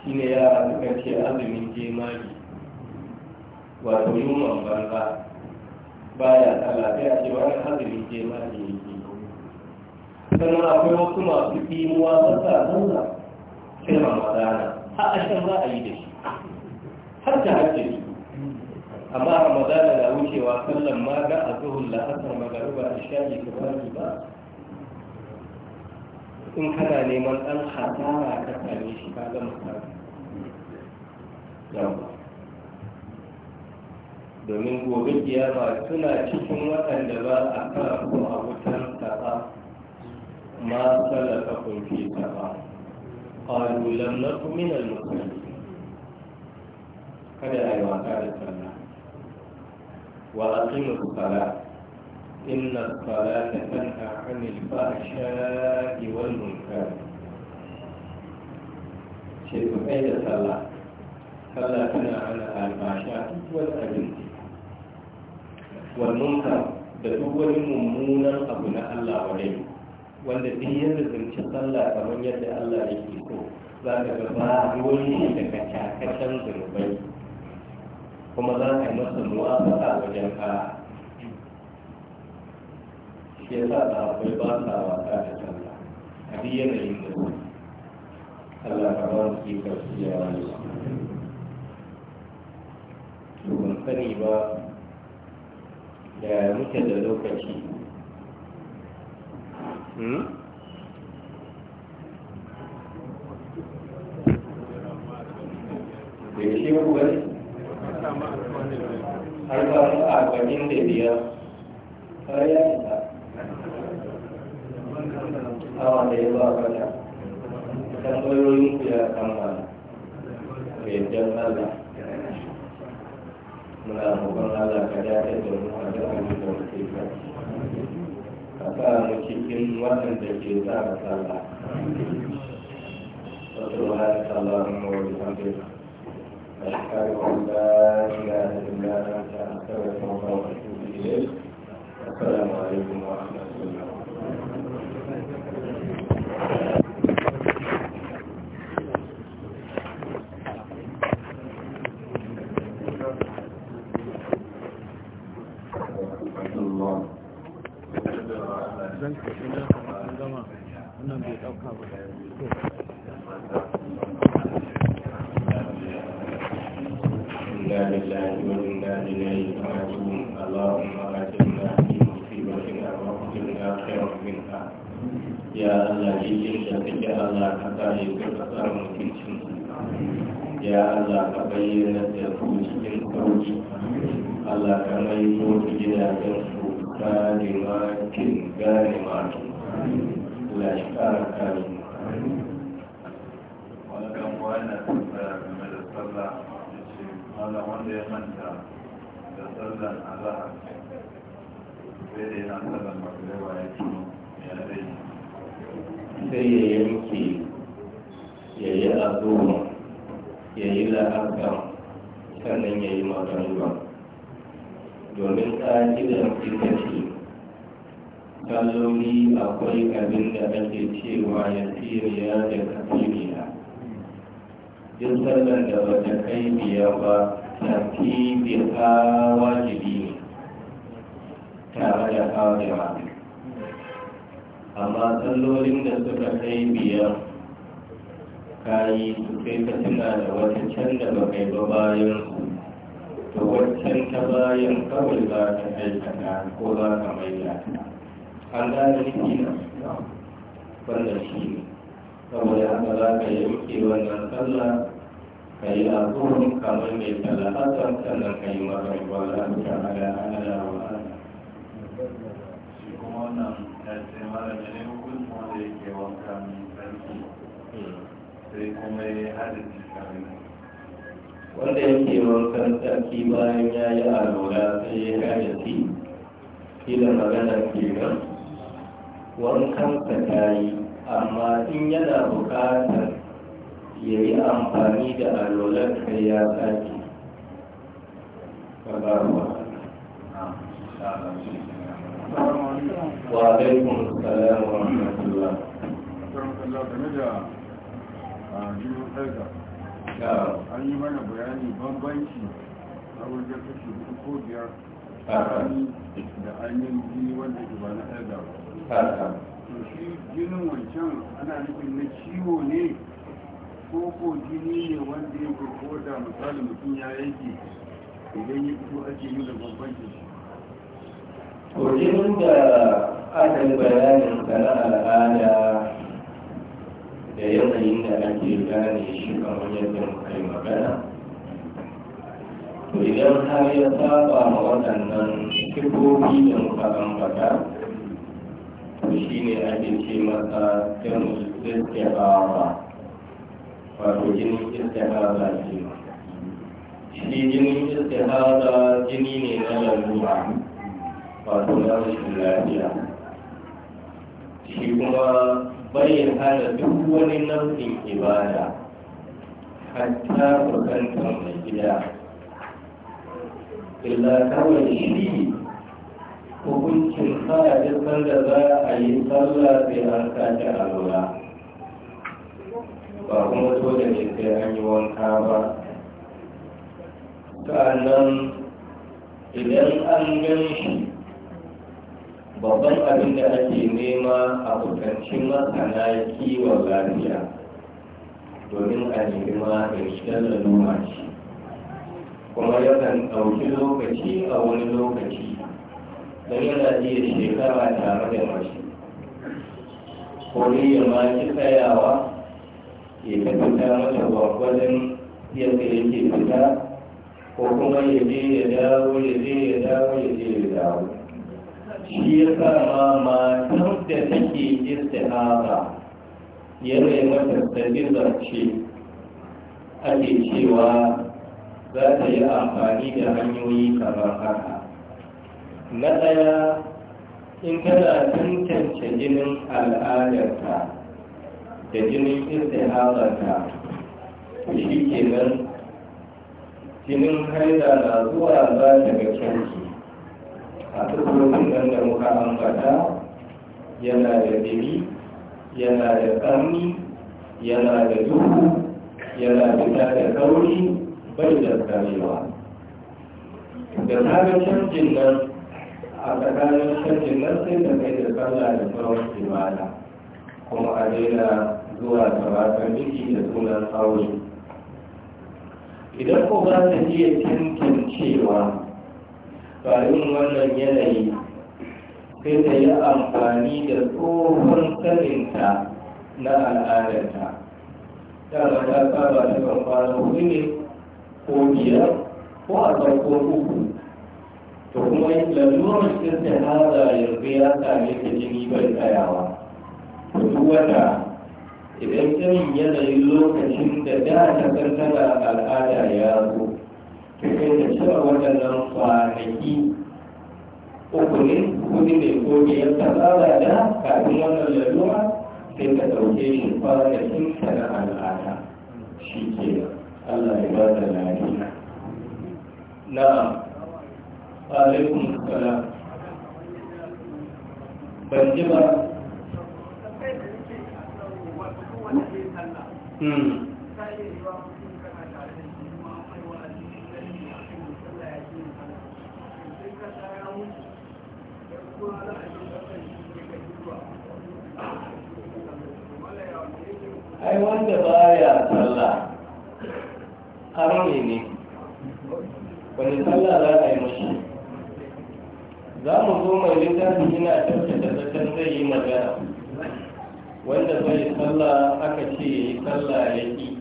shine ne yara sukan ce azumin jemagi wato yunwan banza baya tsala sai a ce wani azumin jemagi ne ke sannan akwai wasu masu imuwa sa zanza sai ramadana har ashirin za a yi da shi har da hajji amma ramadana na wucewa sallan ma ga a zuhun la'asar magariba a shaƙi ta ba in kana neman ɗan hasara ka same shi ka gama Yau, domin gobe kiyama suna cikin waɗanda ba a kara ko a wutar taɓa ma salaka kun fi taɓa ƙalu lam na kuminan musulmi kada a yi wasa da sallah wa aqimu sala إن الصلاة تنهى عن الفحشاء والمنكر شيخ أين صلى صلى تنهى عن الفحشاء والأذن والمنكر da duk wani mummunan abu na Allah wanda duk yadda zance sallah kamar yadda Allah yake so za ka ga ba wani daga cakacen zunubai kuma za ka yi masa mu'afaka wajen ka shi ya sa sahabbai ba sa wasa da sallah a duk yanayin da su Allah ka ba su ikar su ya wani to ban sani ba da muke da lokaci da ya shi wani har ba a da biyar har ya da ya ba mana tambayoyin ku ya kammala mai jan Allah muna roƙon Allah ka dace da mu a duk da muke ka ka sa mu cikin da ke sa ka sallah وسبحانك da وبحمدك أشهد أن لا إله إلا أنت أستغفرك وأتوب إليك السلام عليكم Allah ka kare ku ka tsara mutuncin ya Allah ka bayyana da ku cikin sauki Allah ka mai ko gidajen su kare makin gane makin Allah shi wannan wannan game da sallah ce Allah wanda ya manta da sallan Allah sai da yana sallan magriba ya ci ya dai sai ya yanke ya yi azuma ya yi la'akar sannan ya yi magana domin ƙa'idar ita ce kalloli akwai abin da ake cewa ya ya da kafiriya duk sallar da ba ta kai biya ba ta fi biya wajibi ne tare da ƙa'idar amma tsallolin da suka kai biyar kayi su sai ka tuna da wata can da ba kai ba bayan su to waccan ta bayan kawai za ka aikata ko za ka ta an gane shi na wannan shi ne saboda haka za ka yi wuce wannan sallah ka yi azuhun kamar mai talahatan sannan ka yi magariba za ka ala ala wa ala shi kuma wannan sai ne wanda yake wanka mai sai kuma ya hada cikin wanda wankan tsarki bayan ya yi a lura sai ya hada ci kila magana wankan ka ta yi amma in yana bukatar ya yi amfani da a lura kai ya sake ka ba wa alaikum da wa ah, an yi mana bayani bambanci a wajen kashi da ainihin jini wanda ke ba na jinin wancan ana na ciwo ne ko ko jini ne wanda ya ko da mutum ya yanke idan ya fito ake yi da bambanci wajen da aka yi bayanin kana al'ada da yanayin da ake gane shi kamar yadda muka yi magana to idan har ya saba ma waɗannan kifofi da muka ambata to shi ne ake ce masa jamus istihawa wato jinin istihawa ce shi jinin istihawa jini ne na lalura wato na rashin lafiya shi kuma bayan hana duk wani nau'in ibada hatta bukanta mai gida illa kawai shi hukuncin kaya duk da za a yi sallah sai an a lura ba kuma dole ne sai an yi wanka ba sa'annan idan an gan shi babban abin da ake nema a fuskanci masana kiwon lafiya domin a nema da da laluma ce kuma yakan ɗauki lokaci a wani lokaci don yana iya shekara tare da mace ko ne ya ma ki tsayawa ya ta fita mata gwagwadon yadda yake fita ko kuma ya je ya dawo ya je ya dawo ya je ya dawo shi ya sama matar da take istihara ya mai mata sabbin zance ake cewa za ta yi amfani da hanyoyi kamar haka na ɗaya in kana tantance jinin al'adarta da jinin istihararta shi kenan jinin haida na zuwa za ta ga kyanki a turkulun da muka ambata yana da diri yana da ƙarni yana da duhu yana fita da kauri bai da karewa da tsarin canjin nan a tsakanin canjin nan sai da kai da tsalla da tsawon kimana kuma a daina zuwa tabbatar ciki da sunan aure idan ku ba ta iya cewa. bayan wannan yanayi sai ta yi amfani da tsohon saninta na al'adarta dama ta saba ta kan hudu ne ko biyar ko a farko uku to kuma lalurar cikin ta haza yanzu ya same ta jini bai tsayawa to duk wata idan irin yanayin lokacin da da ta kankana al'ada ya zo cikin da waɗannan kwanaki uku ne kudi ne ko biyar ta tsara da kafin wannan lalura sai ka ɗauke shi kwanakin ta na al'ada shi ke Allah ya ba da lafiya na alaikum salam ban ji ba Hmm. ai wanda baya sallah harami ne wani sallah za a yi mashi za mu zo mai littafi yana tattata zaton zai yi magana wanda bai sallah aka ce ya yi sallah ya ƙi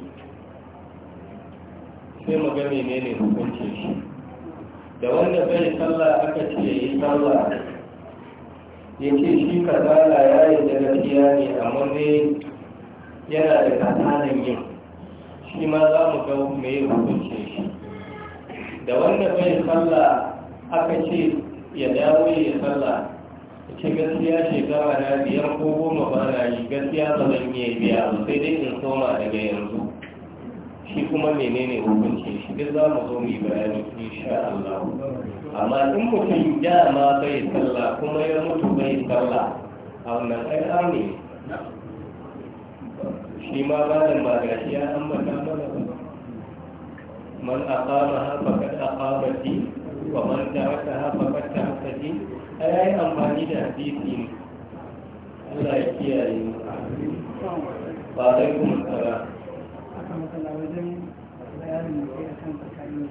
sai mu ne ne hukuncin shi da wanda bai sallah aka ce ya yi sallah ya ce shi kasala ya yi da gaskiya ne amma dai yana da kasanin yin shi ma za mu ga mai hukunce shi da wanda bai sallah aka ce ya dawo ya sallah ya ce gaskiya shekara na biyar ko goma ba na yi gaskiya ba zan iya biya sai dai in soma daga yanzu shi kuma menene hukunce shi duk za mu zo mu yi bayani insha Allah amma in mutum ya ma bai sallah kuma ya mutu bai sallah a wannan ai ne shi ma ba da shi ya ambata mana ba man aqama ha faqad aqama ti wa man taraka ha faqad taraka ti ai ai amfani da hadisi ne Allah ya kiyaye mu ba dai kuma tsara akan matsala wajen bayanin da ya kan tsakani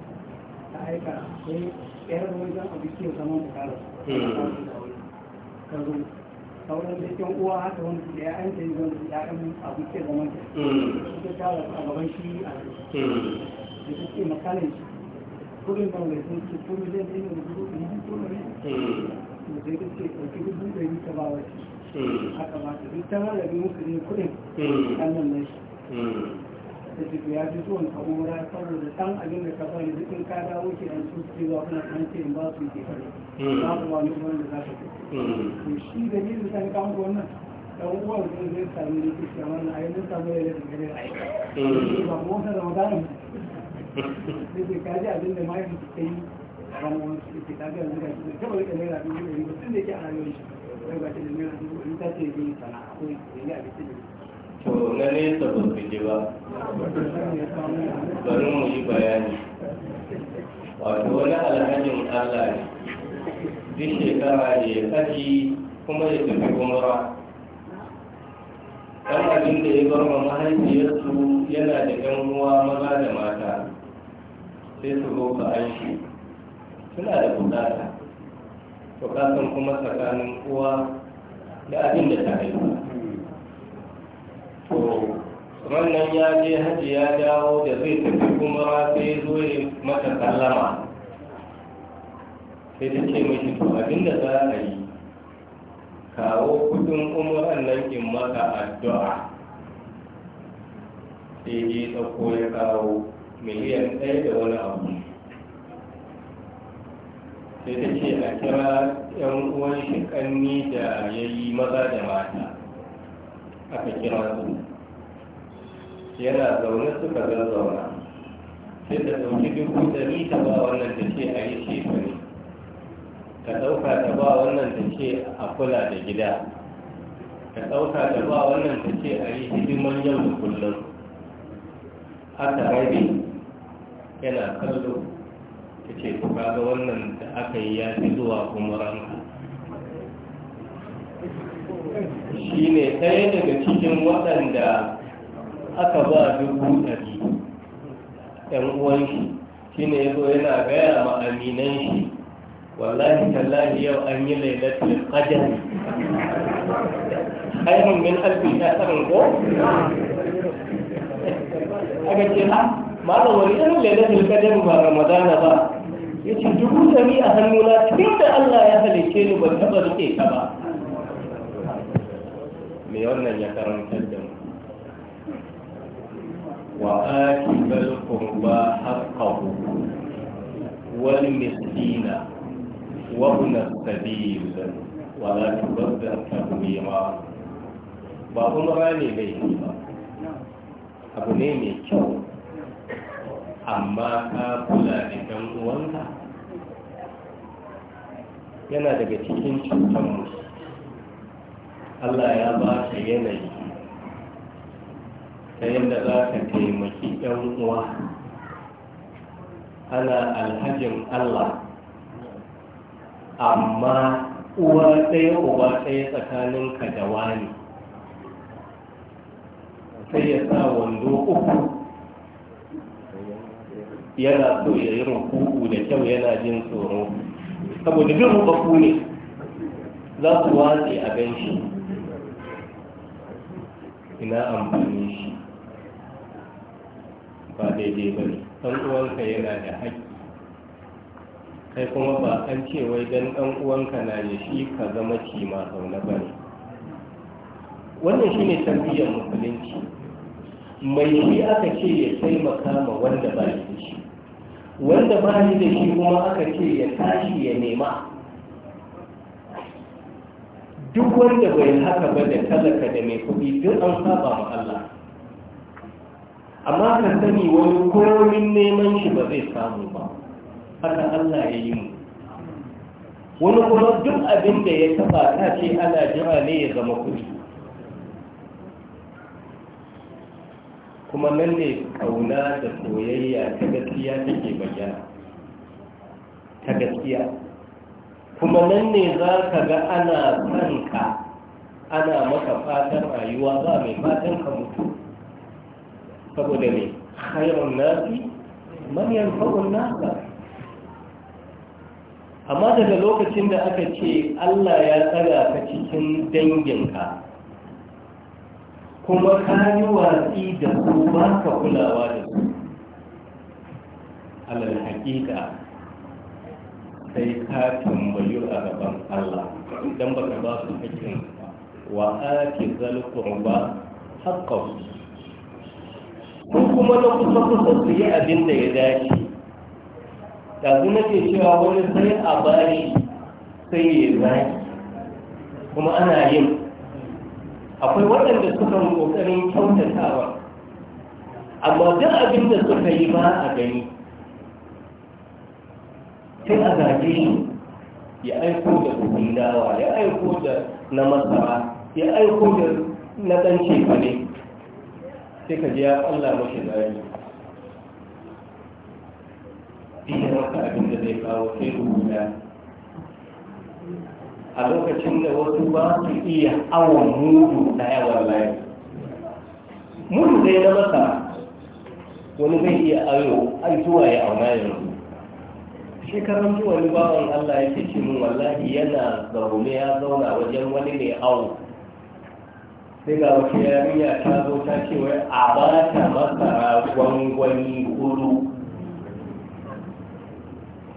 ta aika sai yar wajen abinci ya zama bukara sauran cikin uwa haka wani da ya anta yi wani ya'yan abu ke zaman ta tara a gaban shi a da suke makalin shi kudin da wani sun ce kuma zai zai ne rubu da yi kuma ne da zai ta ce ɗauki rubu da yi ta bawa shi haka ba ta duk ta halabi muka kudin nan shi ta ce ya ji zuwan ka san abin da ka bani duk ka dawo ki dan su ce zuwa kuma an ce in ba su ke kare hmm. ba ku ba ni wanda za ka hmm. to shi da ni da san kan wannan da uwan sun zai sami ne ki ce wannan ayi mun samu da da gare ai ba mu da magana ne ke kaji abin da mai ta yi ran wani su ke kaji abin da ke kaba da naira da ɗari ba tun da ke a rayuwar shi daga ta da naira dubu ɗari ta ce zai sana'a ko ya yi abin to na nesa ba su ji ba bari mu yi bayani wato wani alhajin allah ne duk shekara ne kashi kuma ya tafi umara ɗan abin da ya bar ma mahaifiyarsu yana da 'yan uwa maza da mata sai su roƙa aiki suna da bukata to kuma tsakanin uwa da abin da ta haifa wannan ya je hajji ya dawo da zai tafi kuma sai zo ya mata sallama sai ta ce shi abin da za a yi kawo kudin umaran nan in maka addu'a sai ya ɗauko ya kawo miliyan ɗaya da wani abu sai ta ce a kira yan uwan shi da ya yi maza da mata aka kira su yana zaune suka zan zauna sai ta ɗauki duk ɗari ta ba wannan ta ce a yi shefa ne ka ɗauka ta ba wannan ta ce a kula da gida ka ɗauka ta ba wannan ta ce a yi hidiman yau da kullum aka rabe yana kallo ta ce ku kaga wannan da aka yi ya fi zuwa kuma ranka shi ne ɗaya daga cikin waɗanda aka ba dubu ɗari ɗan uwan shi shi ne zo yana gaya ma aminan shi wallahi tallahi yau an yi lailatul qadr khairun min alfi san ko aka ce ha malam wani irin lailatul qadr ba ramadana ba yace dubu dari a hannuna cikin da Allah ya halice ni ban taba rike ka ba me wannan ya karanta da mu وآكب القربى حقه والمسكين وابن السبيل ولا تبذر تبذيرا ba راني ne mai yi ba أما ne mai kyau yana daga cikin cutar musu Allah ya ba shi yanayi ta yadda za ka taimaki yan uwa ana alhajin allah amma uwa ɗaya uba ɗaya tsakaninka da wani sai ya sa wando uku yana so ya yi rukuku da kyau yana jin tsoro saboda bin rukuku ne za su watse a gan shi ina amfani shi ba daidai ba ne ɗan uwanka yana da haƙƙi kai kuma ba an ce wai don ɗan uwanka na da shi ka zama ci ma zaune ba ne wannan shi ne tarbiyyar musulunci mai shi aka ce ya taimaka ma wanda ba shi da shi wanda ba shi da shi kuma aka ce ya tashi ya nema duk wanda bai haka ba da talaka da mai kuɗi duk an saba ma Allah amma ka sani wani komin neman shi ba zai samu ba haka Allah ya yi mu wani kuma duk abin da ya taba ta ce ana jira ne ya zama kuɗi kuma nan ne kauna da soyayya ta gaskiya take bayyana ta gaskiya kuma nan ne za ka ga ana kanka ana maka fatan rayuwa za mai fatan ka mutu saboda ne khairun nasi man faɗin nasa amma daga lokacin da aka ce Allah ya tsara ka cikin danginka kuma ka yi watsi da ku ba ka kulawa da su alal hakika sai ka tambayu a gaban Allah don ba ka ba su hakkin wa ake zalkurba haƙƙa kuma na kusa kusa su yi abin da ya dace yanzu ke cewa wani sai a bari sai ya zaki kuma ana yin akwai waɗanda suka yi ƙoƙarin kyautatawa amma duk abin da suka yi ba a gani sai a zage shi ya aiko da kudin dawa ya aiko da na masara ya aiko da na ɗan cefane sai ka ji ya Allah mashi bayani iya wata abin da zai kawo sai rubuta a lokacin da wasu ba su iya awon mudu na yawan layi mudu zai na masa wani zai iya ayo ai zuwa ya auna yanzu shekaran zuwa wani bawan Allah yake ce min wallahi yana zaune ya zauna wajen wani mai awo sai ga wata yarinya ta zo ta ce wai a ba ta masara gwangwani hudu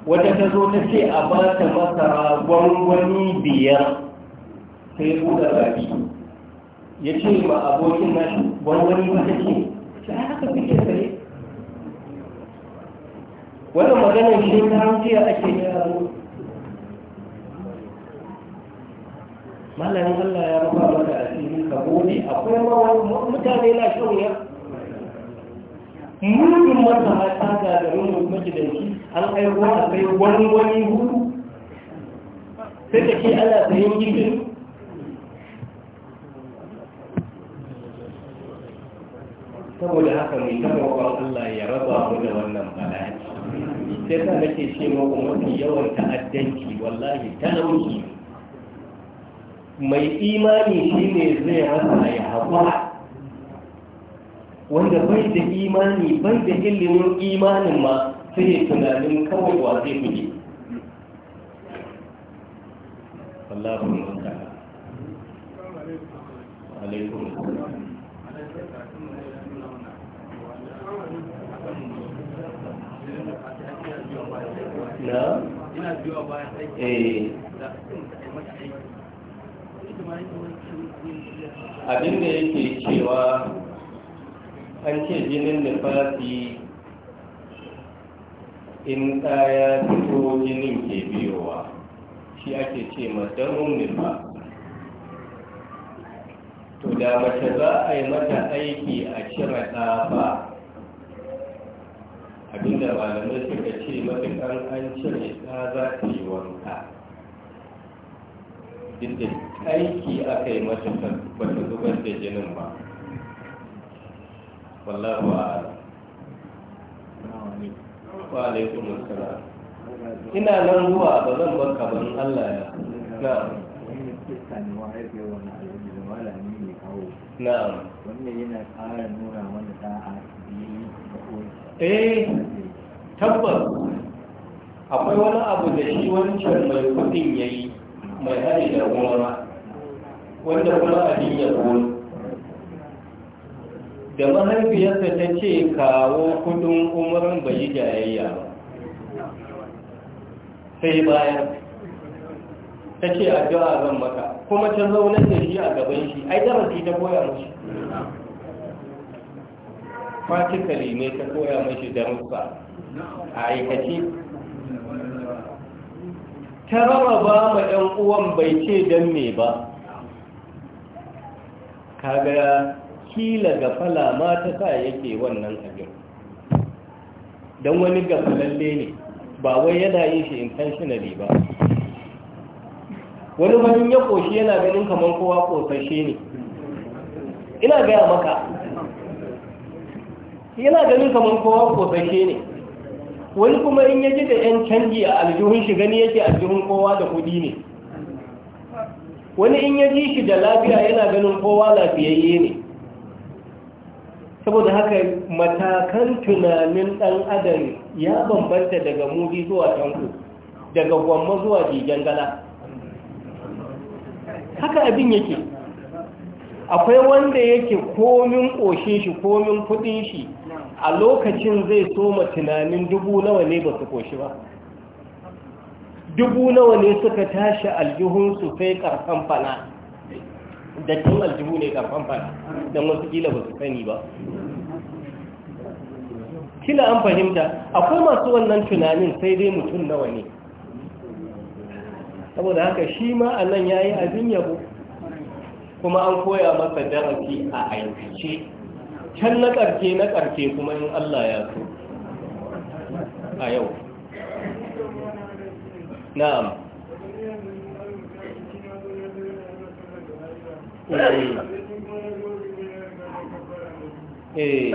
wata ta zo ta ce a ba ta masara gwangwani biyar sai buɗe baki ya ce ba abokin nashi gwangwani wata ce ta haka kuke sai wannan maganar shi ta hantiya ake yaro malamin allah ya rufa maka asiri ka gode akwai mutane na shan ya wata mata ga garin da majidanci an kai a kai wani wani hudu sai da ke ana sayan gidin saboda haka mai tabbakon Allah ya raba mu da wannan bala'i sai ta nake ce muku mafi yawan ta'addanci wallahi talauci mai imani shine zai rasa ya haƙura wanda bai da imani bai da ilimin imanin ma sai ya tunanin kawai wa zai kuje Allahu na ina biyo bayan aiki da abin da yake cewa an ce jinin nufasi in ɗaya fito jinin ke biyowa shi ake ce madamun nufa to da mace za a yi mata aiki a cire ɗafa abinda malamai suka ce matuƙar an cire ɗa za ta yi wanka duk aiki aka yi mata wata zubar da jinin ba wallahu ala wa alaikum assalam ina nan zuwa ba zan baka ban Allah ya na'am na'am wannan yana ƙara nuna wanda mana a biyu da koyi eh tabbas akwai wani abu da shi wancan mai kudin yayi mai hari da gona wanda kuma aliyu gona da mahaifiyarsa ta ce kawo kudin umarin bai yi jayayya ba sai bayan ta ce a jawa zan maka kuma ta zaunar da shi a gaban shi ai darasi ta koya mashi fatikali ne ta koya mashi darussa a aikace ta rarraba ma ɗan uwan bai ce don me ba kaga kila fala ma ta sa yake wannan abin don wani gafalalle ne ba wai yana yin shi intentionally ba wani wani ya koshi yana ganin kamar kowa kosashe ne ina gaya maka yana ganin kamar kowa kosashe ne wani kuma in ya ji da 'yan canji a aljihun shi gani yake aljihun kowa da kuɗi ne wani in yaji shi da lafiya yana ganin kowa lafiyayye ne saboda haka matakan tunanin ɗan adam ya bambanta daga mudi zuwa tanko daga gwamma zuwa jigen gala haka abin yake akwai wanda yake komin ƙoshe shi komin kudin shi a lokacin zai soma tunanin dubu nawa ne ba su koshi ba dubu nawa ne suka tashi aljihunsu sai karfan fana tun aljihu ne karfan fana don wasu gila ba su sani ba kila an fahimta akwai masu wannan tunanin sai dai mutum nawa ne saboda haka shi ma a nan ya yi abin yabo kuma an koya masa darasi a aikace can na ƙarfe na ƙarfe kuma in Allah ya so a yau na'am eh. Eh.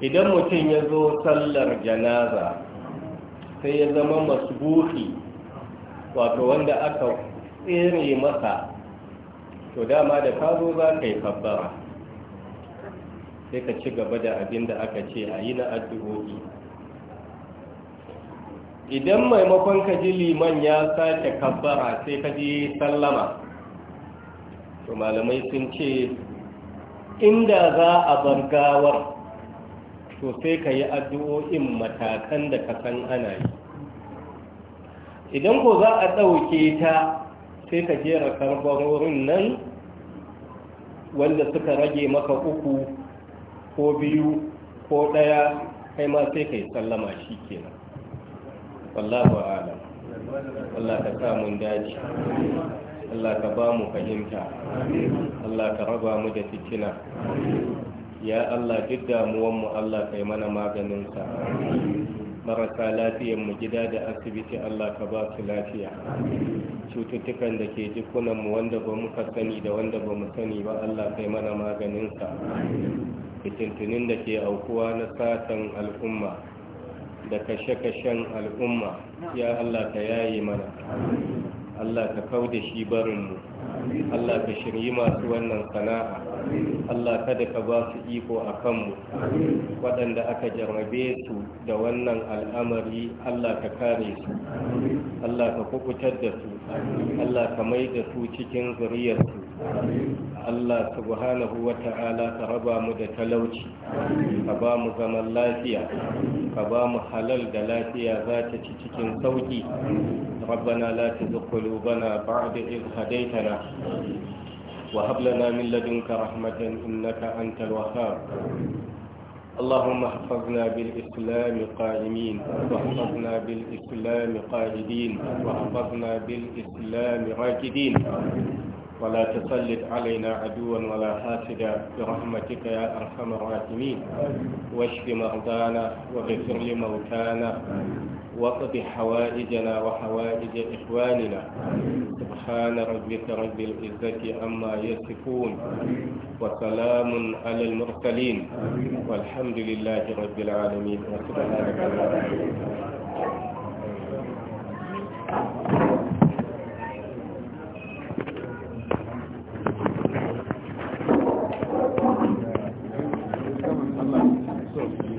idan mutum ya zo sallar janaza sai ya zama masbuki wato wanda aka tsere masa to dama da ka zo za ka yi kabbara sai ka ci gaba da abin da aka ce a yi na addu'o'i idan maimakon ka ji liman ya sake kabbara sai ka ji sallama to malamai sun ce inda za a bar gawar to sai ka yi addu'o'in matakan da ka san ana yi idan ko za a ɗauke ta sai ka jera karbarorin nan wanda suka rage maka uku ko biyu ko ɗaya kai ma sai ka yi sallama shi kenan wallahu alam Allah ka samun daji Allah ka ba mu fahimta Allah ka raba mu da fitina ya Allah duk damuwanmu Allah kai mana maganinsa marasa lafiyan mu gida da asibiti Allah ka ba su lafiya cututtukan da ke jikunan mu wanda ba muka sani da wanda ba mu sani ba Allah kai mana maganin sa fitintunin da ke aukuwa na satan al'umma da kashe-kashen al'umma ya Allah ka yaye mana Allah ka kau da shi mu. Allah ka shirye masu wannan sana'a Allah kada ka ba su iko a kanmu waɗanda aka jarrabe su da wannan al'amari Allah ka kare su Allah ka kubutar da su Allah ka mai da su cikin zuriyarsu Allah subhanahu wa ta'ala ka raba mu da talauci ka ba mu zaman lafiya ka ba mu halal da lafiya za ta ci cikin sauki rabbana la tuzigh qulubana ba'da idh hadaytana wa hab lana min ladunka rahmatan innaka antal wahhab اللهم احفظنا بالإسلام قائمين واحفظنا بالإسلام قائدين واحفظنا بالإسلام راكدين ولا تسلط علينا عدوا ولا حاسدا برحمتك يا أرحم الراحمين واشف مرضانا واغفر لموتانا وقض حوائجنا وحوائج إخواننا سبحان ربك رب العزة عما يصفون وسلام على المرسلين والحمد لله رب العالمين وسبحانك اللهم